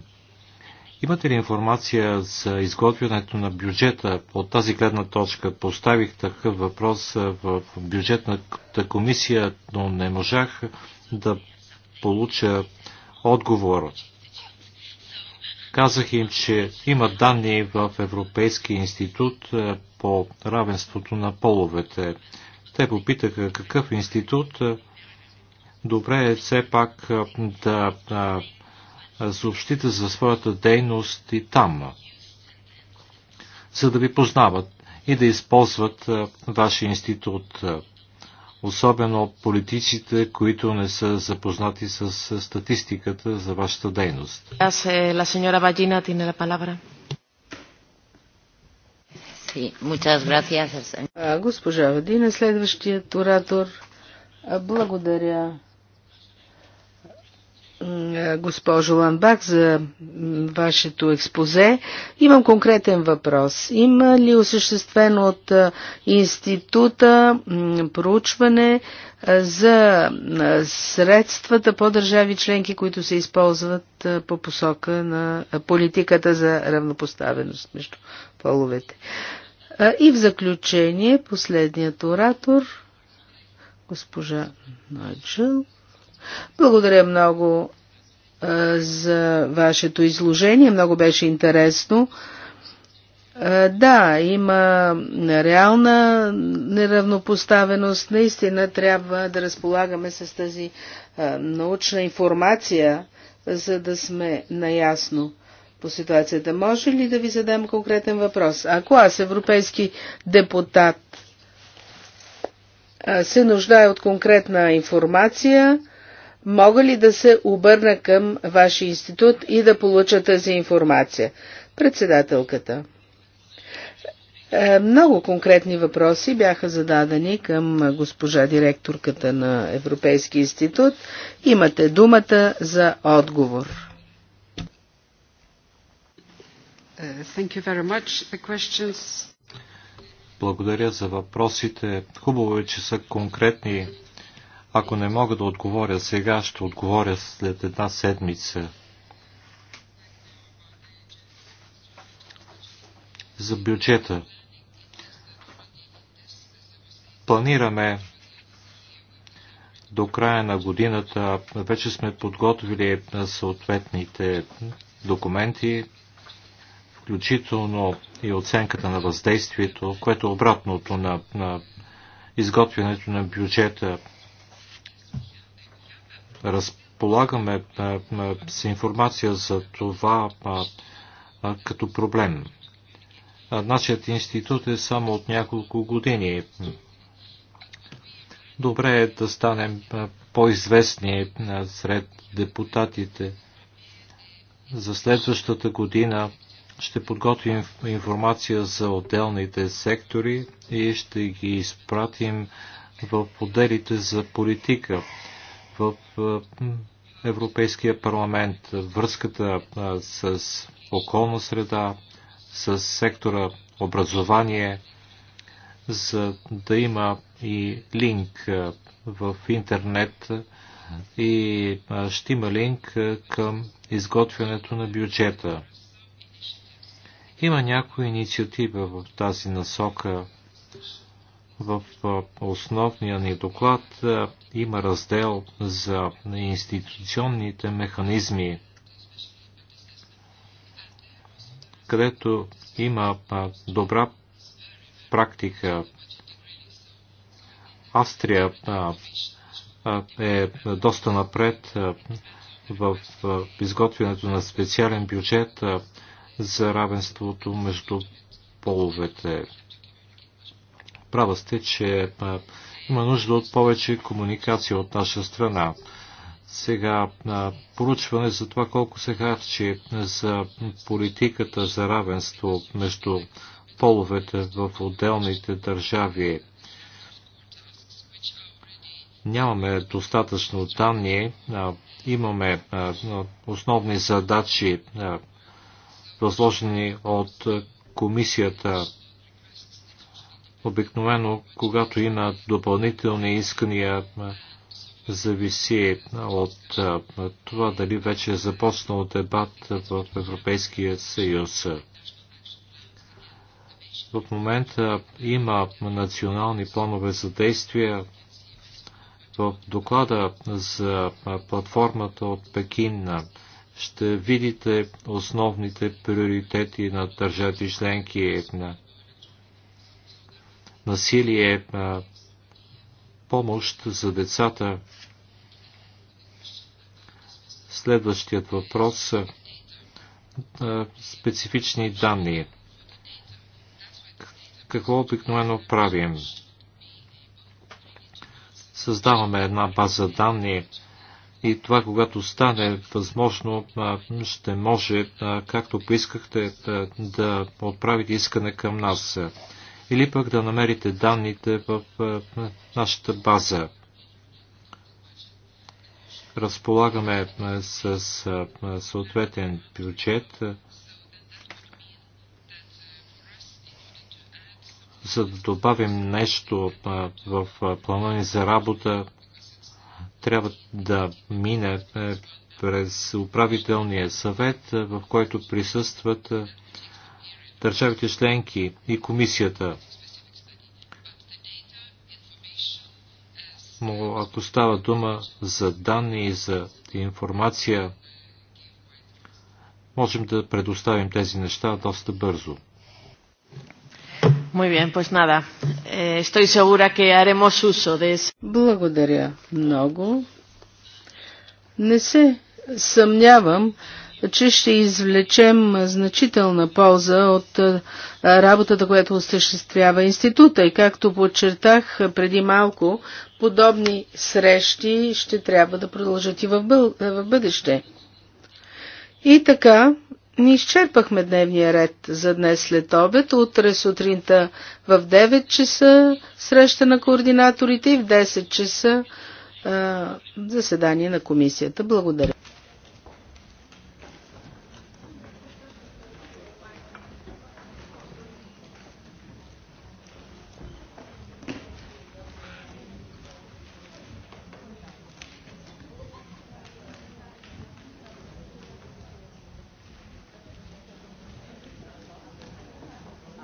Имате ли информация за изготвянето на бюджета? От тази гледна точка поставих такъв въпрос в бюджетната комисия, но не можах да получа отговор. Казах им, че има данни в Европейския институт е, по равенството на половете. Те попитаха какъв институт. Добре е все пак е, да е, съобщите за своята дейност и там, за да ви познават и да използват вашия институт, особено политиците, които не са запознати с статистиката за вашата дейност. Аз е ла сеньора Госпожа Вадина, следващият оратор. Благодаря, госпожо Ланбак, за вашето експозе. Имам конкретен въпрос. Има ли осъществено от института проучване за средствата по държави членки, които се използват по посока на политиката за равнопоставеност между половете? И в заключение, последният оратор, госпожа Найджел. Благодаря много за вашето изложение. Много беше интересно. Да, има реална неравнопоставеност. Наистина трябва да разполагаме с тази научна информация, за да сме наясно по ситуацията. Може ли да ви задам конкретен въпрос? Ако аз, европейски депутат, се нуждае от конкретна информация, мога ли да се обърна към вашия институт и да получа тази информация? Председателката. Е, много конкретни въпроси бяха зададени към госпожа директорката на Европейски институт. Имате думата за отговор. Е, Благодаря за въпросите. Хубаво е, че са конкретни ако не мога да отговоря сега, ще отговоря след една седмица. За бюджета. Планираме до края на годината. Вече сме подготвили съответните документи, включително и оценката на въздействието, което е обратното на, на изготвянето на бюджета разполагаме с информация за това като проблем. Нашият институт е само от няколко години. Добре е да станем по-известни сред депутатите. За следващата година ще подготвим информация за отделните сектори и ще ги изпратим в отделите за политика в Европейския парламент, връзката с околна среда, с сектора образование, за да има и линк в интернет и ще има линк към изготвянето на бюджета. Има някои инициатива в тази насока в основния ни доклад има раздел за институционните механизми, където има добра практика. Австрия е доста напред в изготвянето на специален бюджет за равенството между половете. Права сте, че има нужда от повече комуникация от наша страна. Сега поручване за това колко се харчи за политиката за равенство между половете в отделните държави. Нямаме достатъчно данни, имаме основни задачи, възложени от комисията Обикновено, когато има допълнителни искания, зависи от това дали вече е започнал дебат в Европейския съюз. В момента има национални планове за действия. В доклада за платформата от Пекин ще видите основните приоритети на държави членки на насилие, помощ за децата. Следващият въпрос специфични данни. Какво обикновено правим? Създаваме една база данни и това, когато стане възможно, ще може, както поискахте, да отправите искане към нас или пък да намерите данните в е, нашата база. Разполагаме е, с е, съответен бюджет, за да добавим нещо в плана ни за работа, трябва да мине през управителния съвет, в който присъстват държавите членки и комисията. Но ако става дума за данни и за информация, можем да предоставим тези неща доста бързо. Muy bien, pues nada. Eh, estoy segura que haremos uso de eso. Благодаря много. Не се съмнявам, че ще извлечем значителна полза от работата, която осъществява института. И както подчертах преди малко, подобни срещи ще трябва да продължат и в, бъдеще. И така, ни изчерпахме дневния ред за днес след обед. Утре сутринта в 9 часа среща на координаторите и в 10 часа а, заседание на комисията. Благодаря.